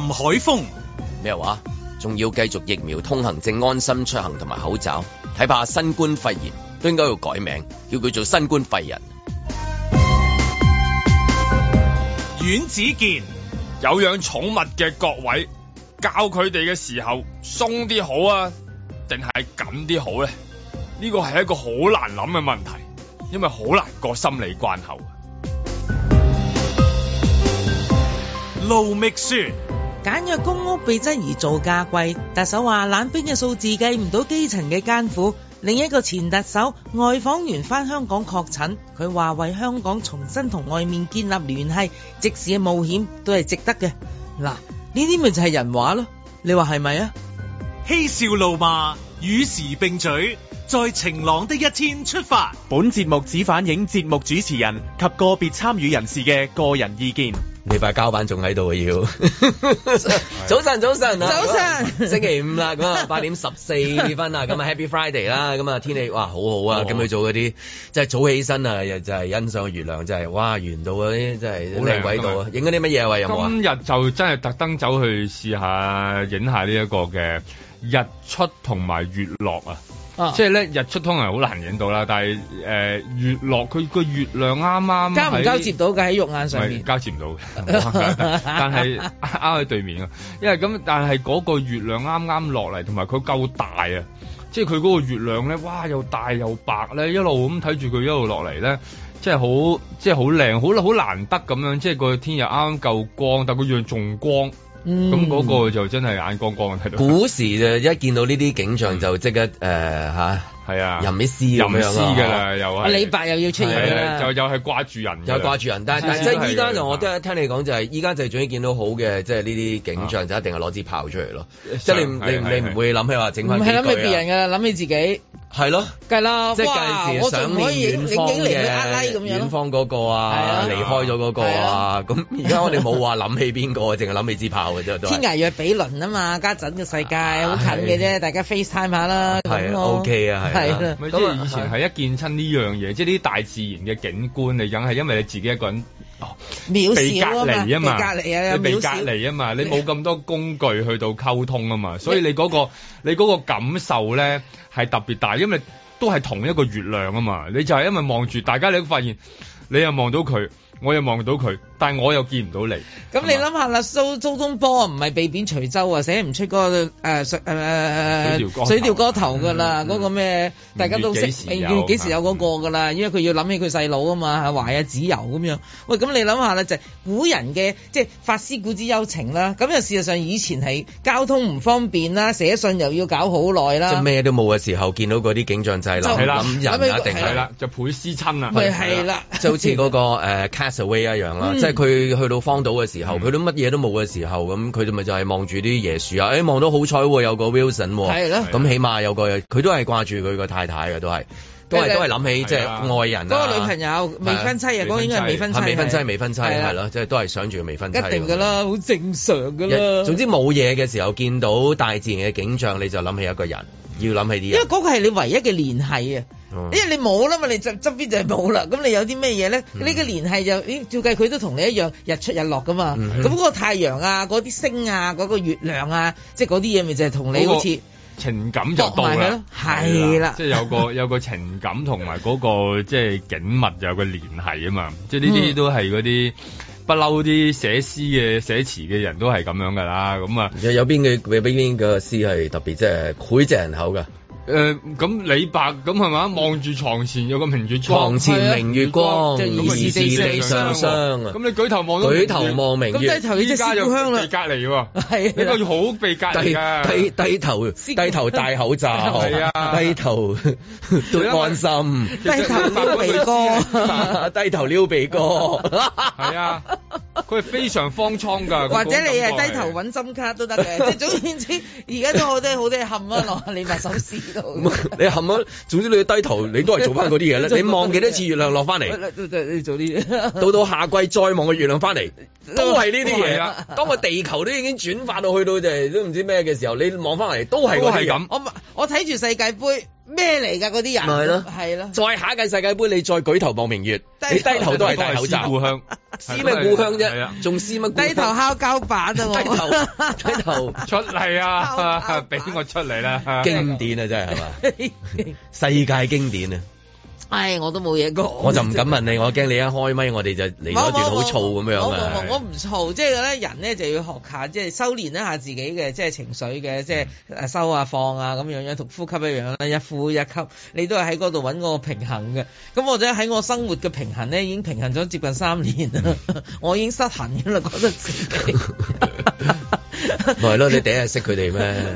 林海峰，咩話？仲要繼續疫苗通行證、安心出行同埋口罩，睇怕新冠肺炎都應該要改名，叫佢做新冠肺炎。阮子健，有養寵物嘅各位，教佢哋嘅時候鬆啲好啊，定係緊啲好咧？呢個係一個好難諗嘅問題，因為好難過心理關口。路覓舒。簡約公屋被質疑造價貴，特首話冷冰嘅數字計唔到基層嘅艱苦。另一個前特首外訪完返香港確診，佢話為香港重新同外面建立聯繫，即使係冒險都係值得嘅。嗱，呢啲咪就係人話咯？你話係咪啊？嬉笑怒罵與時並舉，在晴朗的一天出發。本節目只反映節目主持人及個別參與人士嘅個人意見。你塊膠板仲喺度啊！要 早晨早晨啊！早晨，早晨、啊、星期五啦，咁啊八點十四分啊，咁 啊 Happy Friday 啦，咁啊天氣哇好好啊，咁、哦、去做嗰啲即係早起身啊，又就係、是、欣賞月亮，就係哇圓到嗰啲真係好靚鬼到啊！影緊啲乜嘢啊？喂，有冇啊？今日就真係特登走去試，試下影下呢一個嘅。日出同埋月落啊，即係咧，日出通常好難影到啦，但係誒、呃、月落佢個月亮啱啱，交唔交接到嘅喺肉眼上面，交接唔到嘅， 但係啱喺對面啊，因為咁，但係嗰個月亮啱啱落嚟，同埋佢夠大啊，即係佢嗰個月亮咧，哇又大又白咧，一路咁睇住佢一路落嚟咧，即係好即係好靚，好好難得咁樣，即係個天又啱啱夠光，但個月仲光。咁、嗯、嗰、那個就真係眼光光睇到，古時就一見到呢啲景象就即刻誒吓，係、呃、啊吟詩咁㗎啦，又李白又要出現啦，又又係掛住人，又掛住人，但係但係即係依家就我都聽你講就係依家就係總之見到好嘅即係呢啲景象、啊、就一定係攞支炮出嚟咯，即係、就是、你唔你、啊啊、你唔會諗起話整翻，唔係諗起別人嘅，諗起自己。係咯，計啦，即係計時想念遠方嘅遠方嗰個啊，離開咗嗰個啊，咁而家我哋冇話諗起邊個，淨係諗起支炮嘅啫。都天涯若比鄰啊嘛，家陣嘅世界好近嘅啫，大家 FaceTime 下啦。係啊，OK 啊，係。係。即係以前係一見親呢樣嘢，即係啲大自然嘅景觀嚟講，係因為你自己一個人。哦，被隔離嘛，被隔離啊嘛，你被隔離啊嘛，你冇咁、啊啊、多工具去到溝通啊嘛，所以你嗰、嗰個 你嗰個感受咧係特別大，因為都係同一個月亮啊嘛，你就係因為望住大家，你都發現你又望到佢。我又望到佢，但係我又見唔到你。咁你諗下啦，蘇蘇東坡啊，唔係被貶徐州啊，寫唔出嗰、那個誒誒誒水調歌、嗯、水調歌頭㗎啦，嗰、嗯那個咩大家都識誒幾時有嗰個㗎啦、啊？因為佢要諗起佢細佬啊嘛，懷啊子由咁樣。喂，咁你諗下啦，就係、古人嘅即係發思古之幽情啦。咁又事實上以前係交通唔方便啦，寫信又要搞好耐啦。即咩都冇嘅時候，見到嗰啲景象就係諗諗人一定係就倍思親啦。係啦，就好似嗰個、 uh, 一樣啦，即係佢去到荒島嘅時候，佢、嗯、都乜嘢都冇嘅時候，咁佢咪就係望住啲椰樹啊，誒、哎、望到好彩有個 Wilson 喎，咁、嗯、起碼有個佢都係掛住佢個太太嘅，都係都係都係諗起即係、就是、愛人嗰、啊那個女朋友、未婚妻啊，嗰個應該係未婚妻的、未婚妻、未婚妻係咯，即係都係想住未婚妻，的、就是、是未婚妻定噶啦，好正常噶啦。總之冇嘢嘅時候，見到大自然嘅景象，你就諗起一個人，要諗起啲，嘢、嗯。因為嗰個係你唯一嘅聯繫啊。嗯、因為你冇啦嘛，你側側邊就係冇啦，咁你有啲咩嘢咧？呢、嗯、個聯繫就咦？照計佢都同你一樣日出日落噶嘛。咁、嗯、嗰、嗰個太陽啊，嗰啲星啊，嗰、嗰個月亮啊，即係嗰啲嘢，咪就係同你好似情感就到啦。係啦，啦，即係有個有個情感同埋嗰個 即係景物有個聯繫啊嘛。即係呢啲都係嗰啲不嬲啲寫詩嘅寫詞嘅人都係咁樣噶啦。咁、嗯、啊，有邊嘅有邊個詩係特別即係膾炙人口噶？誒、呃，咁李白咁係咪？望住床前有個明月，床前明月光，疑、啊、是識地，識識地識識上霜。咁、啊、你舉頭望明月，舉頭望明月，咁即頭香隔離喎，係呢個好被隔、啊、低低，低頭低頭戴口罩，係啊，低頭對安心，低頭撩 低頭 鼻哥 低頭， 低頭撩鼻哥，係啊，佢係非常方艙噶。或者你係低頭搵針卡都得嘅，即係總之，而家都好多好多冚啊落啊首你冚咗，總之你要低頭，你是的，你都係做翻嗰啲嘢咧。你望幾多次月亮落翻嚟，你做啲，到到夏季再望個月亮翻嚟，都係呢啲嘢啦。當個地球都已經轉化到去到就係都唔知咩嘅時候，你望翻嚟都係都係咁。我我睇住世界杯。咩嚟噶嗰啲人？咪咯，係咯。再下一屆世界杯，你再舉頭望明月，低你低頭都係戴口罩。思乜故鄉？思乜故鄉啫？仲、啊、思乜？低頭敲膠板啊！低頭，低頭，出嚟啊！俾我出嚟啦、啊！經典啊，真係係嘛？世界經典啊！唉，我都冇嘢講。我就唔敢問你，我驚你一開咪，我哋就嚟咗段好燥咁樣啊！我唔燥，即係咧人咧就要學下，即、就、係、是、修煉一下自己嘅，即係情緒嘅，即、就、係、是、收啊放啊咁樣樣，同呼吸一樣啦，一呼一吸。你都係喺嗰度搵個平衡嘅。咁我真係喺我生活嘅平衡咧，已經平衡咗接近三年啦。我已， 我已經失衡咗 啦，覺得自己。咯，你第一日識佢哋咩？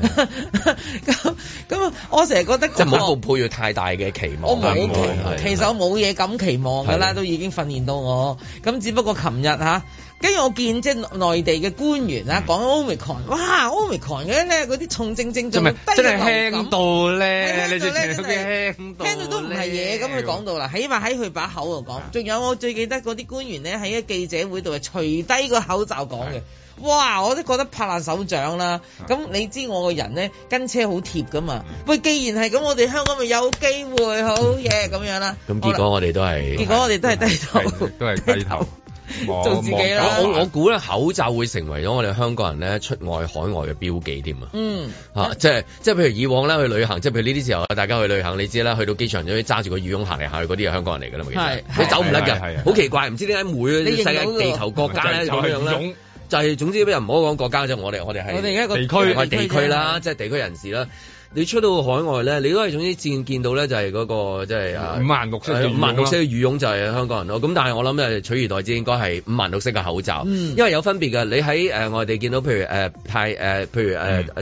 咁 咁，我成日覺得就冇抱抱要太大嘅期望。期望、OK。其實我冇嘢咁期望㗎啦，都已經訓練到我。咁只不過琴日吓，跟、啊、住我見即係內地嘅官員啦， 講咗 Omicron，哇 Omicron 咧嗰啲重症症狀低真輕到咁，你聽到咧，聽到都唔係嘢。咁 佢講到啦，起碼喺佢把口度講。仲有我最記得嗰啲官員咧，喺個記者會度係除低個口罩講嘅。哇！我都覺得拍爛手掌啦。咁你知我個人咧跟車好貼噶嘛？喂、嗯，既然係咁，我哋香港咪有機會 好嘢咁、yeah, 樣啦。咁結果我哋都係，結果我哋都係低頭，都係低頭，低頭做自己啦。我估咧口罩會成為咗我哋香港人咧出外海外嘅標記添、嗯、啊。嗯，嚇，即係即係譬如以往咧去旅行，即係譬如呢啲時候大家去旅行，你知啦，去到機場嗰啲揸住個羽絨行嚟行去嗰啲係香港人嚟噶啦，其實係你走唔甩噶，好奇怪，唔知點解每啲世界、那個、地頭國家咧咁咧。就是就係總之，俾人唔好講國家就我哋我哋係我哋而家個地區地區啦，即係地區人士啦。你出到海外咧，你都係總之見到咧、那個，就係嗰個即係五萬六色。五萬六色嘅羽絨就係香港人咯。咁但係我諗就取而代之應該係五萬六色嘅口罩，因為有分別㗎。你喺誒外地見到，譬如、呃、太、呃，譬如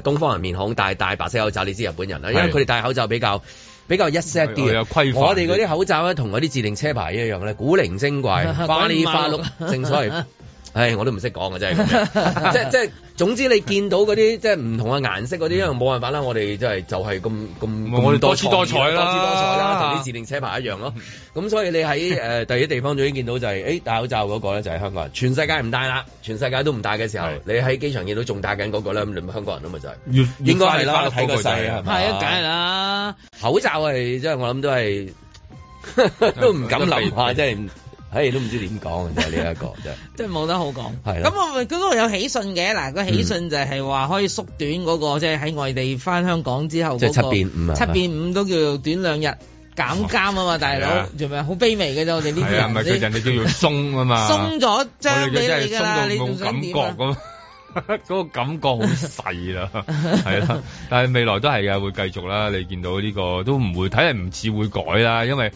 東方人面孔，戴係戴，戴白色口罩，你知日本人啦，因為佢哋戴口罩比較比較一色啲。我哋嗰啲口罩咧，同嗰啲自定車牌一樣古靈精怪，花哩花碌，正所謂。 唉，我都唔識講啊！真係， 即即總之你見到嗰啲即係唔同嘅顏色嗰啲，嗯，因為冇辦法啦，我哋即係就係咁咁。我哋多姿多彩啦，多姿多彩啦，同啲，啊、自定車牌一樣咯。咁，啊、所以你喺誒第二地方已經見到就係，是，誒、哎、戴口罩嗰個咧就係香港人，全世界唔戴啦，全世界都唔戴嘅時候，你喺機場見到仲戴緊嗰個咧，咁就香港人啦嘛就係，是。應該係啦，睇個勢係一梗係啦。口罩係即係我諗都係 都唔不敢諗 下，即係。 唉，都唔知點講啊！真係呢一個真係，真係冇得好講。係啦，咁我咪嗰個有喜訊嘅嗱，個喜訊就係話可以縮短嗰個，即係喺外地翻香港之後嗰個七變五啊，七變五都叫短兩日減監啊嘛，大佬做咩啊？好卑微嘅啫，我哋呢啲你人哋叫做鬆啊嘛，鬆咗即係你真係鬆到冇感覺咁，嗰個感覺好細啦，係啦，但係未來都係啊，會繼續啦。你見到呢個都唔會睇嚟唔似會改啦，因為。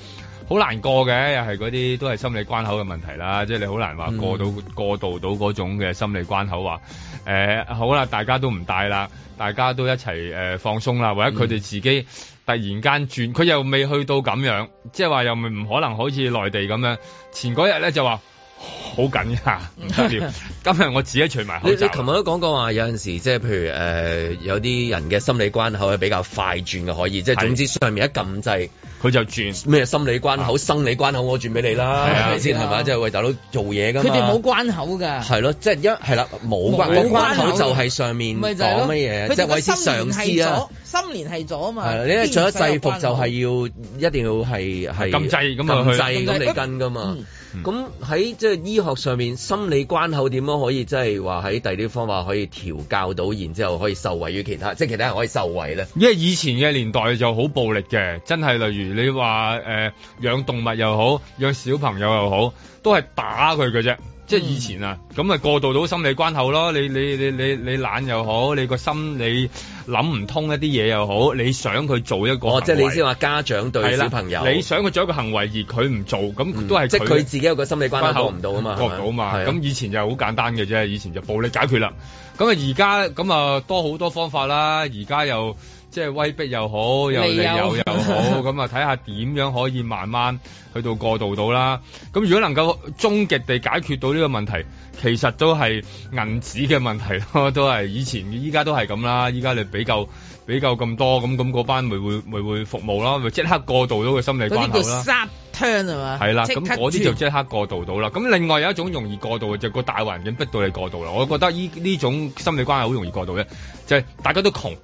好難過嘅，又係嗰啲都係心理關口嘅問題啦。即係你好難話過到、嗯、過渡到嗰種嘅心理關口，話、呃、誒好啦，大家都唔帶啦，大家都一齊、呃、放鬆啦，或者佢哋自己突然間轉，佢又未去到咁樣，即係話又唔可能好似內地咁樣。前嗰日咧就話好緊啊，唔得了。 今日我自己除埋口罩。你你琴日都講過話、呃，有陣時即係譬如誒有啲人嘅心理關口係比較快轉嘅，可以即係總之上面一撳掣。佢就轉咩心理關口、生理關口，我轉俾你啦，係咪先係嘛？即係為大佬做嘢㗎嘛。佢哋冇關口㗎。係咯，即係一係啦，冇關冇關口就係上面講乜嘢，即係維持常識啊。心連係咗啊嘛。係啦，你一著咗制服就係要一定要係係禁制咁啊去禁制到你跟㗎嘛。咁喺即係醫學上面，心理關口點樣可以即係話喺第啲方法可以調教到，然之後可以受惠於其他，即係其他人可以受惠咧？因為以前嘅年代就好暴力嘅，真係例如你話誒養動物又好，養小朋友又好，都係打佢嘅啫。嗯、即係以前啊，咁咪過渡到心理關口咯。你你你你你懶又好，你個心理諗唔通一啲嘢又好，你想佢做一個、哦，即係你先話家長對小朋友，你想佢做一個行為而佢唔做，咁都係、嗯、即係佢自己有個心理關口唔到啊嘛，過唔到啊嘛。咁以前就好簡單嘅啫，以前就暴力解決啦。咁啊而家咁啊多好多方法啦，而家又。即係威逼又好，又利誘又好，咁啊睇下點樣可以慢慢去到過渡到啦。咁 如果能夠終極地解決到呢個問題，其實都係銀紙嘅問題咯，都係以前依家,都係咁啦。依家你比較比較咁多咁，咁嗰班咪會咪會，會，會服務咯，咪即刻過渡到個心理關係啦。嗰啲叫殺聽係嘛？係啦，咁嗰啲就即刻過渡到啦。咁另外有一種容易過渡嘅就個、是、大環境逼到你過渡啦。我覺得呢種心理關係好容易過渡嘅，就係、是、大家都窮。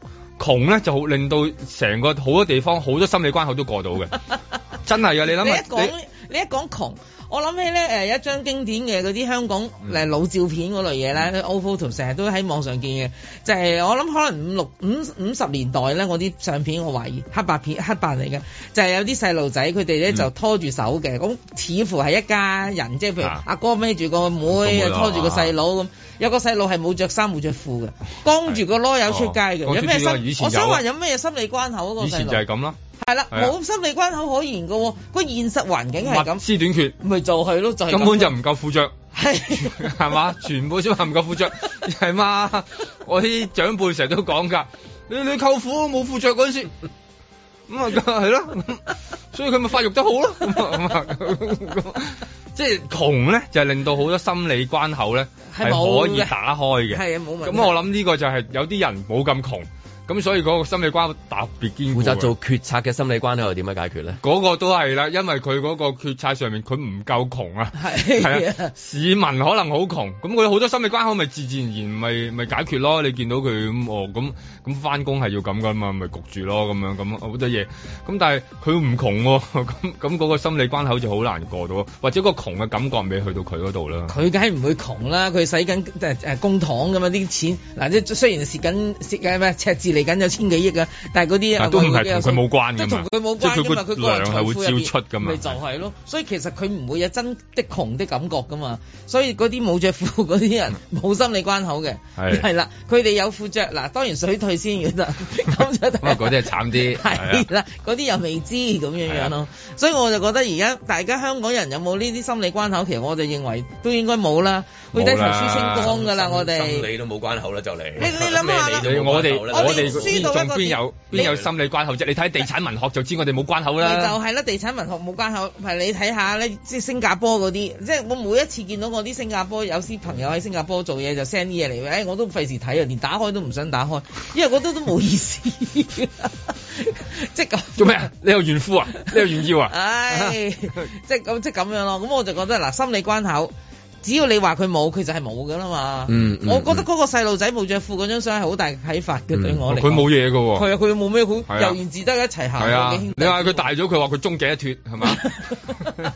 窮咧就好，令到成個好多地方好多心理關口都過到嘅， 真係嘅，你諗下。你一講，你一講窮。我諗起咧誒一張經典嘅嗰啲香港老照片嗰類嘢咧 Old Photo 成日都喺網上見嘅，就係、是、我諗可能五六五五十年代咧，嗰啲相片我懷疑黑白片黑白嚟嘅，就係、是、有啲細路仔佢哋咧就拖住手嘅，咁、嗯、似乎係一家人，即係譬如阿哥孭住、啊嗯嗯、個妹拖住個細佬咁，有個細路係冇着衫冇着褲嘅，光、嗯、住個囉柚出街嘅、哦，有咩心有？我想話有咩心理關口個以前就個細路。係啦，冇心理關口可言噶、哦，個現實環境係咁，物資短缺，咪就係咯，就根本就唔夠富著，係係嘛， 全部先係唔夠富著，係 嘛是嗎， 我啲長輩成日都講噶，你你舅父冇富著嗰陣時，咁啊係咯，所以佢咪發育得好咯，即係窮咧就、就係、令到好多心理關口咧係可以打開嘅，係啊冇問題。咁我諗呢個就係有啲人冇咁窮。咁、嗯、所以嗰個心理關口特別堅固。負責做決策嘅心理關口又點樣解決咧？嗰個都係啦，因為佢嗰個決策上面佢唔夠窮啊，係 啊，市民可能好窮，咁佢好多心理關口咪自自然然咪咪解決咯。你見到佢咁哦咁咁返工係要咁㗎嘛，咪焗住咯咁樣咁好多嘢。咁、嗯嗯嗯嗯、但係佢唔窮喎、啊，咁咁嗰個心理關口就好難過到，或者個窮嘅感覺未去到佢嗰度啦。佢梗係唔會窮啦，佢使緊誒誒公帑咁啊啲錢嗱，即係雖然蝕緊蝕緊咩赤字。嚟緊有千幾億啊！但係嗰啲啊，啊關都唔係同佢冇關噶嘛，即係同佢冇關。即係佢個糧係會照出噶嘛，咪就係、是、咯。所以其實佢唔會有真的窮的感覺噶嘛，嘛。所以嗰啲冇着褲嗰啲人冇、嗯、心理關口嘅，係啦。佢哋有褲着，嗱，當然水退先遠啦。咁就嗰啲係慘啲，係 啦。嗰啲又未知咁樣樣咯。所以我就覺得而家大家香港人有冇呢啲心理關口？其實我就認為都應該冇啦，會一齊輸清光㗎啦，我哋你都冇關口啦，就嚟。你你諗下，我哋。知到邊有邊有心理關口啫？你睇地產文學就知我哋冇關口啦。你就係啦，地產文學冇關口，唔係你睇下咧，即係新加坡嗰啲，即係我每一次見到我啲新加坡有啲朋友喺新加坡做嘢，就 send 啲嘢嚟，哎，我都費事睇啊，連打開都唔想打開，因為我覺得都冇意思。即係咁做咩？你又炫富啊？你又炫耀啊？唉、哎 即係咁，即係咁樣咯。咁我就覺得嗱，心理關口。只要你話佢冇，佢就係冇噶啦嘛嗯。嗯，我覺得嗰個細路仔冇着褲嗰張相係好大啟發嘅，對我嚟講。佢冇嘢噶喎。佢啊，佢冇咩好，悠然自得一齊行。啊，你話佢大咗，佢話佢中幾一脱係嘛？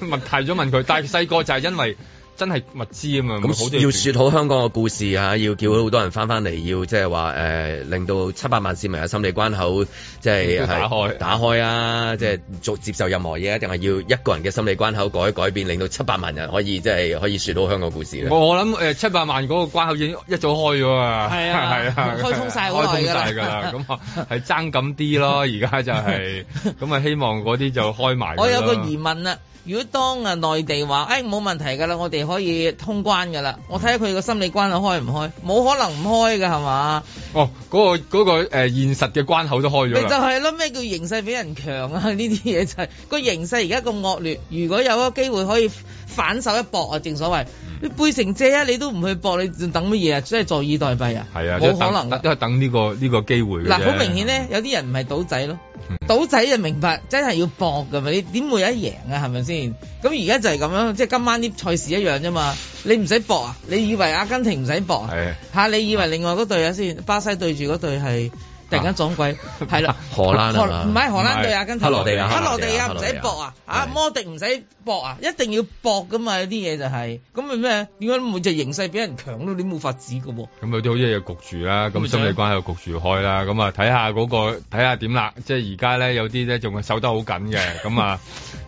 提問提咗問佢，但係細個就係因為。真係物資啊嘛，咁要說好香港嘅故事啊，要叫好多人翻翻嚟，要即係話誒令到七百萬市民嘅心理關口即係、就是、打開，打開啊！即係、就是、接受任何嘢，一定係要一個人嘅心理關口改改變，令到七百萬人可以即係、就是、可以說好香港故事。我諗、呃、七百萬嗰個關口已經一早開咗啊，係啊係啊， 開通晒。內開通晒㗎啦，咁啊係爭咁啲咯，而家就係咁啊， 希望嗰啲就開埋。我有個疑問啊，如果當啊內地話誒冇問題㗎啦，我哋。可以通關噶啦，我睇下佢個心理關口開唔開，冇可能唔開噶係嘛？哦，嗰個嗰個誒現實嘅關口都開咗啦。真係咯，咩叫形勢比人強啊？呢啲嘢就係個形勢而家咁惡劣，如果有個機會可以反手一搏啊，正所謂。你背城借啊！你都唔去搏，你等乜嘢啊？即係坐以待斃啊！係啊，冇可能噶，都係等，等，等、這個這個、機呢個呢個機會嗱，好明顯咧，有啲人唔係賭仔咯，賭、嗯、仔就明白，真係要搏噶嘛你點會有一贏啊？係咪先？咁而家就係咁樣即係今晚啲賽事一樣啫嘛。你唔使搏啊？你以為阿根廷唔使搏啊？吓，你以為另外嗰隊啊先？巴西對住嗰隊係？突然間撞鬼，係 啦，荷蘭啊嘛，唔係荷蘭對阿根廷，克羅地啊，克羅地亞唔使搏啊，啊摩迪唔使搏啊，一定要搏噶嘛，啲嘢就係、是，咁咪咩？點解每隻形勢俾人強到你冇法子噶、啊。咁有啲好似又焗住啦，咁心理關係又焗住開啦、啊，咁啊睇下嗰個睇下點啦，即係而家咧有啲咧仲係守得好緊嘅，咁啊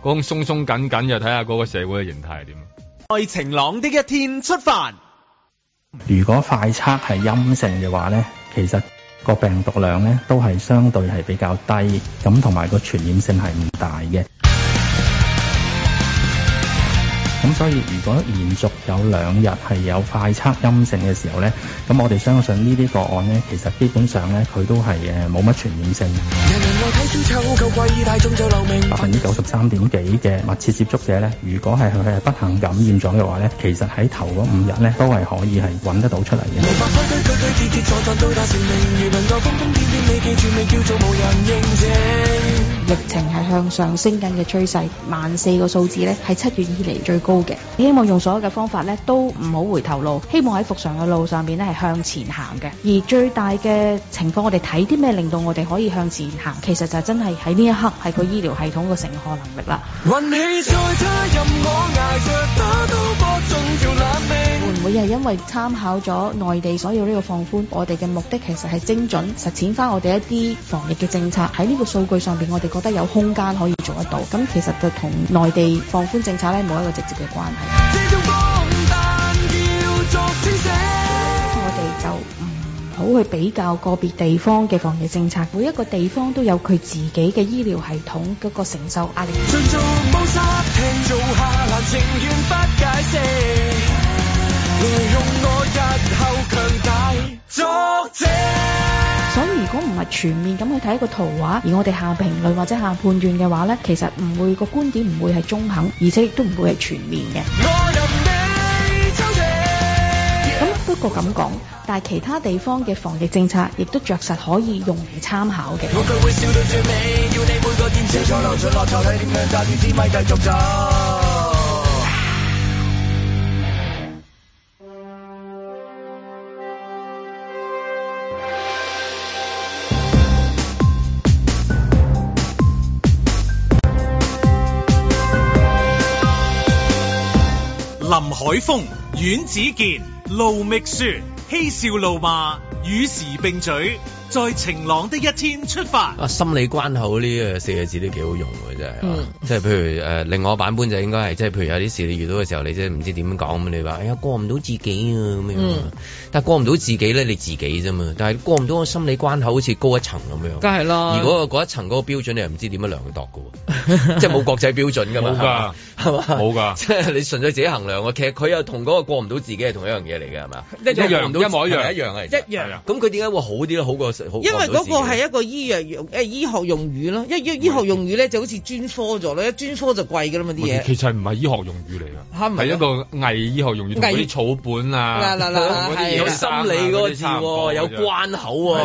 講鬆鬆緊緊就睇下嗰個社會嘅形態係點。在晴朗的一天出發。如果快測係陰性嘅話咧，其實。個病毒量咧都係相對係比較低，咁同埋個傳染性係唔大嘅。咁所以如果連續有兩日係有快測陰性嘅時候咧，咁我哋相信呢啲個案咧，其實基本上咧佢都係誒冇乜傳染性。百分之九十三點幾嘅密切接觸者咧，如果係佢係不幸感染咗嘅話咧，其實喺頭嗰五日咧都係可以係搵得到出嚟嘅。疫情係向上升緊嘅趨勢，萬四個數字咧係七月以嚟最高嘅。希望用所有嘅方法咧都唔好回頭路，希望喺復常嘅路上邊咧係向前行嘅。而最大嘅情況，我哋睇啲咩令到我哋可以向前行，其實就真係喺呢一刻係個醫療系統嘅承荷能力啦。我哋係因為參考咗內地所有呢個放寬，我哋嘅目的其實係精準實踐翻我哋一啲防疫嘅政策。喺呢個數據上邊，我哋覺得有空間可以做得到。咁其實就同內地放寬政策咧冇一個直接嘅關係。我哋就唔、嗯、好去比較個別地方嘅防疫政策，每一個地方都有佢自己嘅醫療系統嗰、那個承受壓力。用我強大作者，所以如果唔係全面咁去睇一個圖畫，而我哋下評論或者下判斷嘅話咧，其實唔會、嗰個觀點唔會係中肯，而且亦都唔會係全面嘅。咁、yeah, 不過咁講，但係其他地方嘅防疫政策亦都着實可以用嚟參考嘅。每個會笑林海峰、阮子健、盧覓雪嬉笑怒罵，與時並舉。在晴朗的一天出發。啊，心理關口呢？四個字都幾好用嘅。真係。即、嗯、係、啊、譬如誒、呃，另外個版本就應該係，即係譬如有啲事你遇到嘅時候，你即係唔知點樣講咁，你話哎呀過唔到自己啊咁樣、嗯。但係過唔到自己咧，你自己啫嘛。但係過唔到個心理關口，好似高一層咁樣。梗係啦。如果、嗰個嗰一層嗰個標準，你又唔知點樣量度㗎喎？ 即係冇國際標準㗎嘛？冇 㗎，冇㗎。即係 你純粹自己衡量啊。其實佢又同嗰個過唔到自己係同一樣嘢嚟嘅，係嘛？一樣，一模一樣，一樣啊。一樣。咁佢點解會好啲咧？好過。因為嗰個係一個醫藥醫學用語咯，一醫學用語咧就好似專科咗咯，一專科就貴㗎啦嘛啲嘢。其實唔係醫學用語嚟㗎，係一個偽醫學用語。啲草本啊，有心理嗰個字，有關口喎，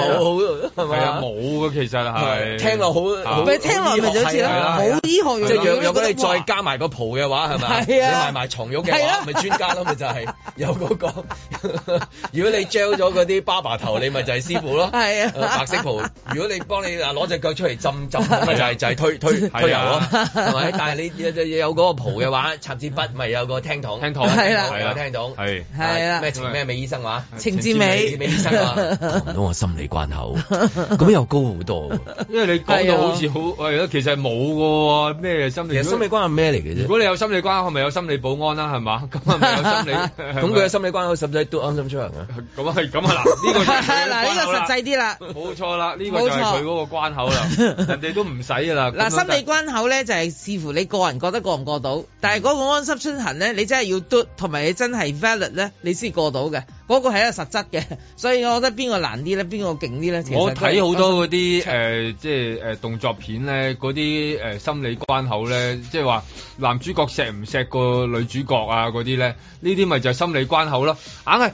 係啊？冇嘅其實係聽落好，你聽落咪就好似啦，冇醫學用語。如果你再加埋個蒲嘅話，係咪啊？加埋蟲肉嘅話，咪專家咯，咪就係有嗰個。如果你 gel 咗啲 barber 頭你咪就係師傅咯。 呃、白色袍，如果你幫你啊攞隻腳出嚟浸浸，咪就係、是、就係、是、推推推油咯，係 咪對吧？ 但係你有有有個袍嘅話，插支筆咪有個聽筒， 聽筒係啦，係啦，聽筒係係啦。咩、 啊？陳咩？美醫生話，陳志美，美醫生啊，通 我心理關口？咁 又高好多，因為你講到好似好、 啊，其實冇嘅。咩心理？心理關係咩嚟嘅啫？如果你有心理關，係咪有，有心理保安啦？係嘛，咁 咪 有心理。咁佢嘅心理關口使唔使都安心出行？咁係咁啊，嗱呢個嗱呢個實際啲啦。冇 錯啦，呢、這個就係佢嗰個關口啦， 人哋都唔使噶啦。嗱， 心理關口咧就係、是、視乎你個人覺得過唔過到，但係嗰個安心出行咧，你真係要嘟同埋你真係 valid 咧，你先過到嘅。嗰、嗰個係一個實質嘅，所以我覺得邊個難啲咧，邊個勁啲咧？我睇好多嗰啲誒，即係誒動作片咧，嗰啲誒心理關口咧，即係話男主角錫唔錫個女主角啊嗰啲咧，呢啲咪就係心理關口咯。硬係誒，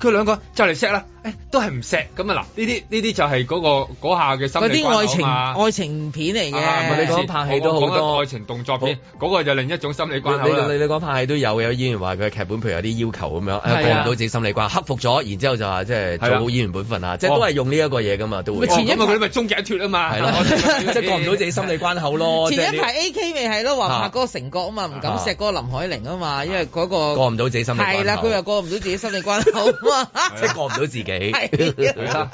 佢、欸、兩個、欸、就嚟錫啦，誒都係唔錫咁啊嗱，呢啲呢啲就係嗰個下嘅心理關口啊嘛。嗰啲愛情愛情片嚟嘅，講、啊嗰個、拍戲都好多。我講愛情動作片，嗰、嗰個就另一種心理關口啦。你你你講拍戲都有嘅，有演員話佢劇本譬如有啲要求咁樣，過唔到自己心理關。服咗，然之後就話即係做好演員本分啊！即係都係用呢一個嘢噶嘛，都會。哦、前一排佢哋咪終極一脫啊嘛，係咯、啊，即 係不 過唔到自己心理關口咯。前一排 A K 咪係咯，話拍嗰個成角啊嘛，唔、啊、敢錫嗰個林海玲嘛啊嘛，因為嗰、那個過唔到自己心理。係啦，佢又過唔到自己心理關口啊關口嘛，即 係是、啊、 過唔到自己。 是啊 是啊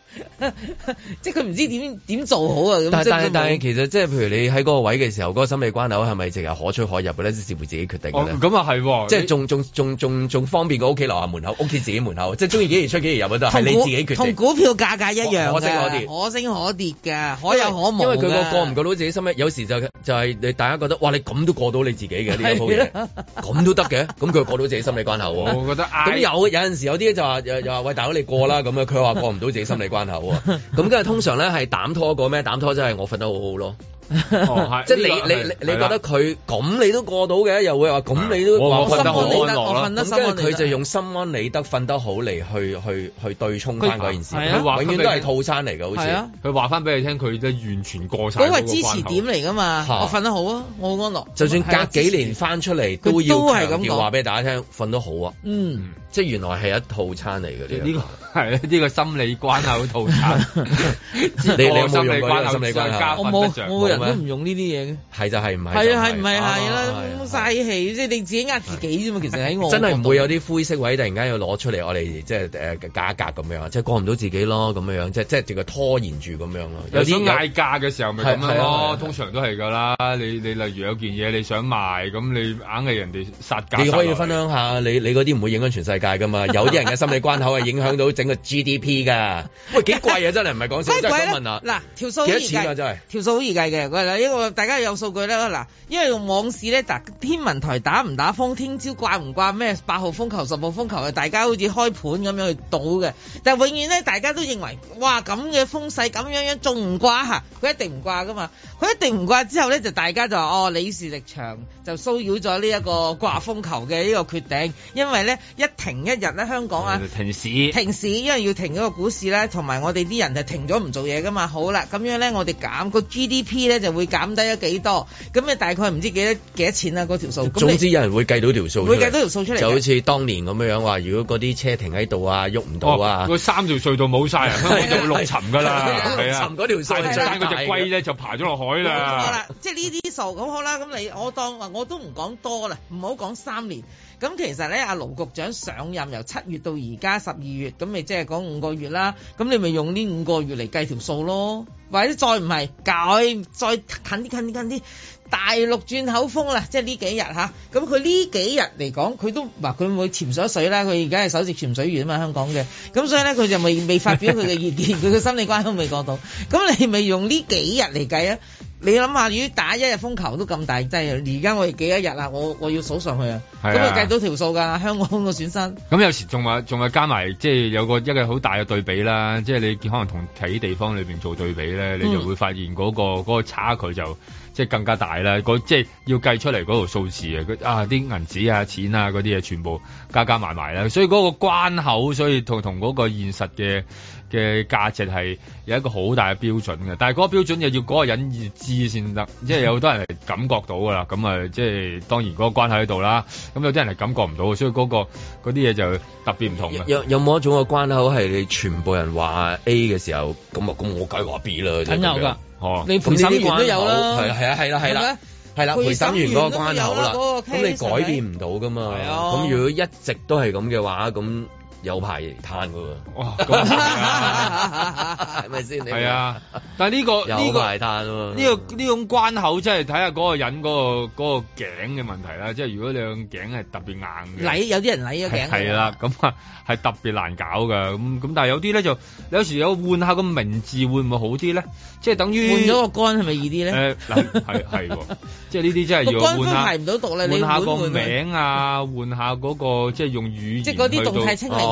即係佢唔知點點做好啊！但但係其實即係譬如你喺嗰個位嘅時候，嗰、嗰個心理關口係咪成日可出可入嘅咧？視乎自己決定嘅。咁啊係，即係仲仲仲仲仲方便過屋企樓下門口，屋 企自己門口，即係中意幾而出幾入嘅都係你自己決定。同 股票價格一樣可可升可跌，可升可跌嘅，可有可無。因為佢過唔過到自己心有時就是、就係、是、大家覺得哇，你咁都過到你自己嘅呢 波 樣嘢，咁都得嘅。咁 佢 過到 自己心理關口，我覺得咁有有陣時有啲就話又話喂，大佬你過啦，咁佢話過唔到自己心理關。枕 頭，咁跟住通常咧係膽拖過咩？膽拖即係我瞓得好好咯。 哦、即係你，這個，你你你覺得佢咁你都過到嘅，又會話咁你都心安理得，我瞓得好。咁佢就用心安理得瞓得好嚟去去去對沖翻嗰件事。佢，啊啊，永遠都係套餐嚟嘅，好似佢話翻俾你聽，佢都完全過晒。因為支持點嚟噶嘛？我瞓得好啊，我安樂。就算隔幾年翻出嚟，啊，都要要話俾大家聽，瞓得好啊。嗯，即係原來係一套餐嚟嘅呢個係呢、這個心理關係套餐。 你 你，你有冇用過呢個心理關係？我冇。唔用呢啲嘢嘅，係就係唔係？係啊，係唔係係啦，嘥氣，即係你自己呃自己啫嘛。其實喺我真係唔會有啲灰色位突然間要攞出嚟，我哋即係誒加價咁樣，即係過唔到自己咯，咁樣樣即係即係淨係拖延住咁樣咯。有啲嗌價嘅時候咪咁樣咯，通常都係噶啦。你你例如有件嘢你想賣，咁你硬係人哋殺價，你可以分享下你你嗰啲唔會影響全世界噶嘛？有啲人嘅心理關口係影響到整個 GDP 噶。 喂，幾貴啊真係，唔係講笑。幾貴啊？嗱，條數好易計，幾錢啊真係？條數好易計嘅。一個大家有數據啦。嗱，因為用往市咧，嗱，天文台打唔打風，聽朝掛唔掛咩八號風球、十號風球，大家好似開盤咁樣去賭嘅。但係永遠咧，大家都認為哇咁嘅風勢咁樣樣，仲唔掛吓？佢一定唔掛噶嘛，佢一定唔掛之後咧，就大家就話哦，李氏力場就騷擾咗呢一個掛風球嘅呢個決定，因為咧一停一日咧，香港啊停市，停市，因為要停嗰個股市咧，同埋我哋啲人就停咗唔做嘢噶嘛。好啦，咁樣咧，我哋減個 GDP。咧就會減低咗幾多，咁你大概唔知幾多幾多錢啊嗰條數，總之有人會計到條數，會計到條數出嚟，就好似當年咁樣樣話，如果嗰啲車停喺度啊，喐唔到啊、個、哦、三條隧道冇晒，根本就落沉噶啦，沉嗰條隧，突嗰隻龜咧就爬咗落海啦，即係呢啲數咁好啦，咁 你我當話，我都唔講多啦，唔好講三年。咁其實咧，阿盧局長上任由七月到而家十二月，咁咪即係講五個月啦。咁你咪用呢五個月嚟計條數咯。或者再唔係，再再近啲近啲近啲，大陸轉口風啦，即係呢幾日嚇。咁佢呢幾日嚟講，佢都唔話佢會潛咗水啦。佢而家係首席潛水員啊嘛，香港嘅。咁所以咧，佢就未未發表佢嘅意見，佢嘅心理關都未過到。咁你咪用呢幾日嚟計啊？你諗下，如果打一日風球都咁大劑。而家我哋幾多日啦？我我要數上去啊！咁啊計到條數㗎，香港個損失。咁有時仲話仲係加埋，即係有個一個好大嘅對比啦。即係你可能同其他地方裏面做對比咧，你就會發現嗰個嗰個，嗯，嗰個差距就即係更加大啦。即係要計出嚟嗰條數字啊！佢啊啲銀紙啊錢啊嗰啲嘢全部加加埋埋啦。所以嗰個關口，所以同同嗰個現實嘅。嘅價值係有一個好大嘅標準嘅，但係嗰個標準又要嗰個人要知先得， 即係有好多人係感覺到㗎啦，咁啊即係當然嗰個關口喺度啦。咁有啲人係感覺唔到，所以嗰、嗰個嗰啲嘢就特別唔同。有有冇一種嘅關口係你全部人話 A 嘅時候，咁啊咁我梗係話 B 啦。肯定有㗎，你陪審員都有啦，係係啊係啦係啦，係啦，陪審員嗰個關口啦，咁、那個、你改變唔到㗎嘛。咁如果一直都係咁嘅話，咁。有排攤㗎喎，係咪先？你係啊，但呢、呢個呢、呢個排攤呢個呢種關口真係睇下嗰個人嗰、嗰個嗰、嗰個頸嘅問題啦。即係如果你個頸係特別硬嘅，攆有啲人攆咗頸係啦，咁啊係特別難搞㗎。咁但係有啲呢，就有時候有換下個名字會唔會好啲呢？即係等於換咗個肝係咪易啲呢？誒嗱係係喎，即係呢啲真係要換都排唔到毒啦。換下個名啊，換下嗰個即係用語即係嗰啲動態清理、哦。係、哦、啦，嗰類嘢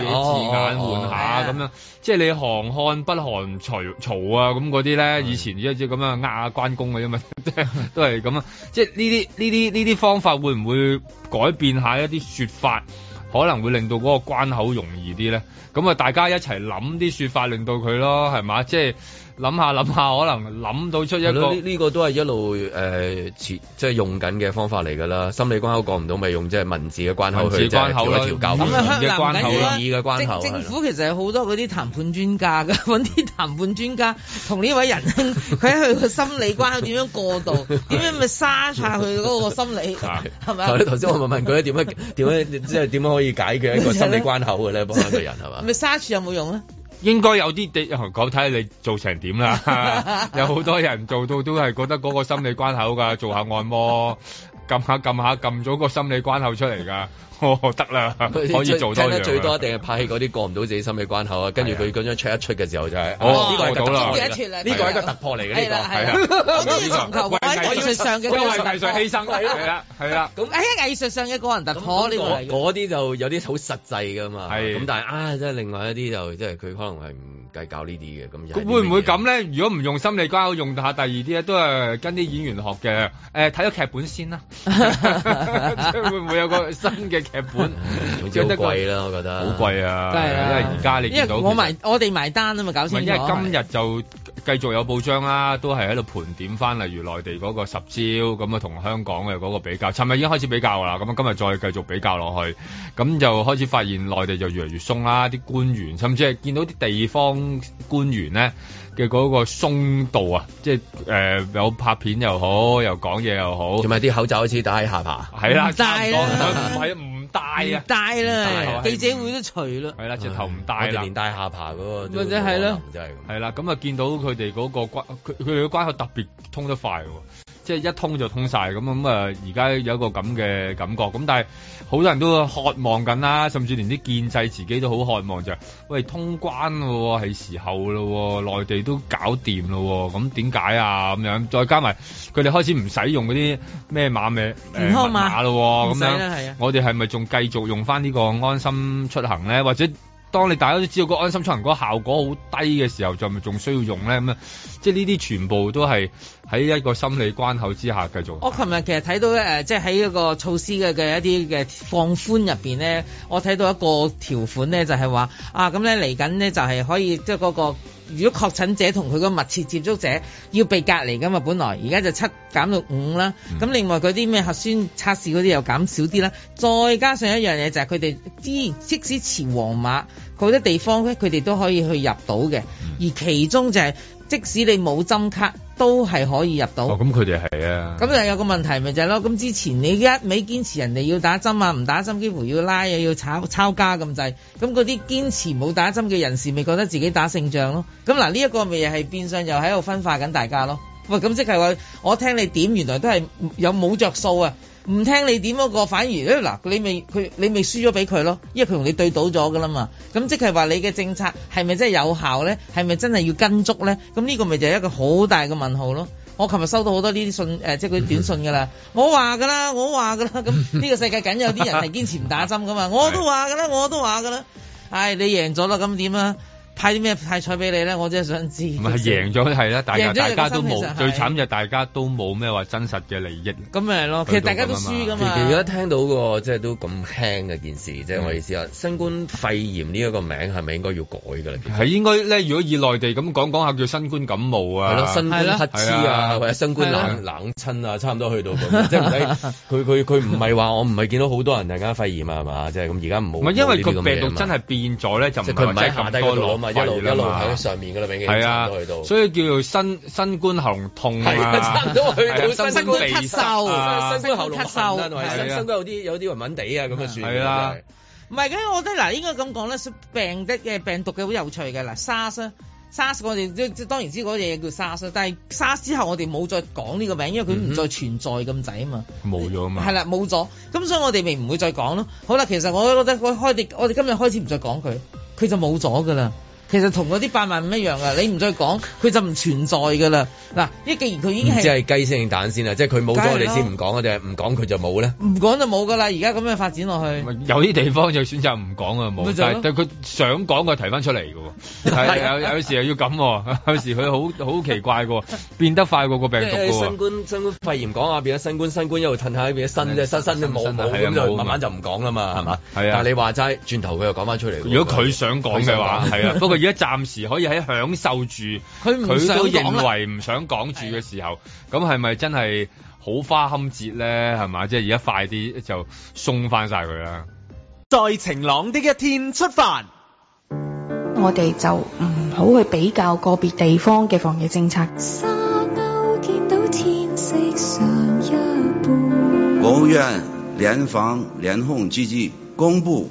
字眼換下咁、哦哦樣，哦哦樣，啊、 樣，即係你韓漢不韓曹曹啊咁嗰啲咧，以前一係即咁樣呃關公嘅啫嘛，即係都係咁啊！即係呢啲呢啲呢啲方法會唔會改變一下一啲說法，可能會令到嗰個關口容易啲咧？咁啊，大家一齊諗啲說法，令到佢咯，係嘛？即係。諗下諗下，可能諗到出一個呢個、呢個都係一路誒、呃，即係用緊嘅方法嚟噶啦。心理關口過唔到，咪用即係文字嘅關口去調調，就係調教嘅關口關,口關,口關,口關口。政府其實有好多嗰啲談判專家噶，搵啲談判專家同呢位仁兄睇佢個心理關口點 樣過渡，點樣咪沙下佢嗰個心理，係咪？頭先我咪問佢點點樣點 樣即係點樣可以解決一個心理關口嘅咧？幫一個人係咪？咪沙住有冇用呢？應該有啲地講，睇你做成點啦，有好多人做到都係覺得嗰個心理關口㗎，做下按摩撳下撳下撳咗個心理關口出嚟㗎。哦，得啦，可以做真，最多一定係拍戲嗰啲過唔到自己心理關口啊，跟住佢嗰張出一出嘅時候就係、是，哦，呢個係突呢個係一個突破嚟嘅，係啦係啦，嗰個、嗯嗯嗯嗯嗯嗯、因為藝術上嘅藝術上犧牲係啦係啦，咁、嗯、喺藝術上嘅個人突破呢個嗰啲就有啲好實際㗎嘛，咁、嗯嗯，但係啊，即係另外一啲就即係佢可能係唔計較呢啲嘅咁，會唔會咁咧？如果唔用心理關口，用下第二啲都係跟啲演員學嘅，誒睇咗劇本先啦，會唔會有個新嘅？本將 得貴啦，我覺得好貴啊，啊，啊，因為而家你見到我埋我哋埋單啊嘛，搞清楚。今日就繼續有報章啦，啊、都係喺度盤點返，例如內地嗰個十招咁啊，同香港嘅嗰個比較。尋日已經開始比較啦，咁啊今日再繼續比較落去，咁就開始發現內地就越嚟越鬆啦。啲官員甚至係見到啲地方官員咧嘅嗰個鬆度啊，即係誒、呃、有拍片又好，又講嘢又好，同埋啲口罩開始戴喺下巴。係啦、啊，戴唔係大帶、啊、啦，係記者會都除啦，係啦，直頭唔大，是是是是是是連大就連帶下爬嗰個。或者係啦，係啦，咁啊，見到佢哋嗰個關，佢哋嘅關口特別通得快。即係一通就通晒，咁咁啊！而家有一個咁嘅感覺，咁但係好多人都渴望緊啦，甚至連啲建制自己都好渴望就，喂，通關喎，係時候咯，內地都搞掂咯，咁點解啊？咁樣再加埋佢哋開始唔使用嗰啲咩碼咩健康碼咯，咁樣我哋係咪仲繼續用返呢個安心出行咧？或者？當你大家都知道個安心出行個效果好低嘅時候，就咪、是、仲需要用咧咁啊？即係呢啲全部都係喺一個心理關口之下繼續。我琴日其實睇到誒，即係喺一個措施嘅嘅一啲嘅放寬入邊咧，我睇到一個條款咧、啊，就係話啊咁咧嚟緊呢，就係可以即係嗰個，如果確診者同佢個密切接觸者要被隔離噶嘛，本來而家就七減到五啦。咁、嗯、另外嗰啲咩核酸測試嗰啲又減少啲啦，再加上一樣嘢就係佢哋啲即使持黃碼好多地方咧，佢哋都可以去入到嘅、嗯，而其中就係、是、即使你冇針卡都係可以入到。咁佢哋係啊。咁就有個問題、就是，咪就係咯。咁之前你一味堅持人哋要打針啊，唔打針幾乎要拉又、啊、要抄抄家咁滯、就是。咁嗰啲堅持冇打針嘅人士，咪覺得自己打勝仗咯。咁嗱，呢一、這個咪又係變相又喺度分化緊大家咯。喂，咁即係話我聽你點，原來都係有冇着數啊？唔聽你點嗰個，反而嗱、哎，你未佢你未輸咗俾佢咯，因為佢同你對賭咗噶啦嘛，咁即係話你嘅政策係咪真係有效咧？係咪真係要跟足咧？咁呢個咪就係一個好大嘅問號咯。我琴日收到好多呢啲信、呃、即係啲短信噶啦。我話噶啦，我話噶啦，咁 呢個世界梗有啲人係堅持唔打針噶嘛。我都話噶啦，我都話噶啦。唉，你贏咗啦，咁點啊？派啲咩派彩俾你咧？我真係想知。唔係贏咗係啦，大家大家都冇，最慘就大家都冇咩話真實嘅利益。咁咪係咯，其實大家都輸㗎嘛。而家聽到個即係、就是、都咁輕嘅件事，即、就、係、是、我意思啊，嗯、新冠肺炎呢一個名係咪應該要改㗎啦？係應該咧。如果以內地咁講講下，說說說叫新冠感冒啊，啊，新冠乞嗤啊，是啊是啊或者新冠冷、啊、冷親啊，差唔多去到咁、那個。 即係唔使佢佢佢唔係話我唔係見到好多人突然間肺炎啊嘛？即係咁而家唔好。因為個病毒真係變咗咧，就唔係咁低一路一路喺上面噶啦，俾佢撐到去到，所以叫做新新冠喉嚨痛，差唔多，去到新冠咳嗽，新冠喉嚨痛，新冠有啲、啊、有啲暈暈地啊咁啊算啦。唔係嘅，啊、我覺得嗱，應該咁講咧，病的嘅病毒嘅好有趣嘅嗱，SARS SARS 我哋都當然知嗰隻嘢叫 SARS，但係 SARS 之後我哋冇再講呢個名，因為佢唔再存在咁滯啊嘛，冇咗啊嘛，係啦冇咗，咁所以我哋咪唔會再講咯。好啦，其實我覺得我我哋今日開始唔再講佢，佢就冇咗噶啦。其實同嗰啲八萬唔一樣噶，你唔再講，佢就唔存在噶啦。嗱，一既然佢已經唔知係雞先定蛋先啦，即係佢冇咗我哋先唔講嘅。定係唔講佢就冇咧？唔講就冇噶啦，而家咁樣發展落去。有啲地方就選擇唔講啊，冇、就是。但係但佢想講，佢提翻出嚟嘅喎。係有有時又要咁，有時佢好好奇怪喎，變得快過個病毒喎。新冠肺炎講下變咗新冠新冠一路褪下，變咗新就新新就冇冇咁就慢慢就唔講啦嘛，係嘛？係啊。但係你話齋，轉頭佢又講翻出嚟。如果佢想講嘅話，係 啊。不過。而家暫時可以喺享受住，佢都認為唔想講住嘅時候，咁係咪真係好花堪折咧？係嘛？即係而家快啲就鬆翻晒佢啦！在晴朗的一天出發，我哋就唔好去比較個別地方嘅防疫政策。沙見到天色上一半，國務院聯防聯控機制公布。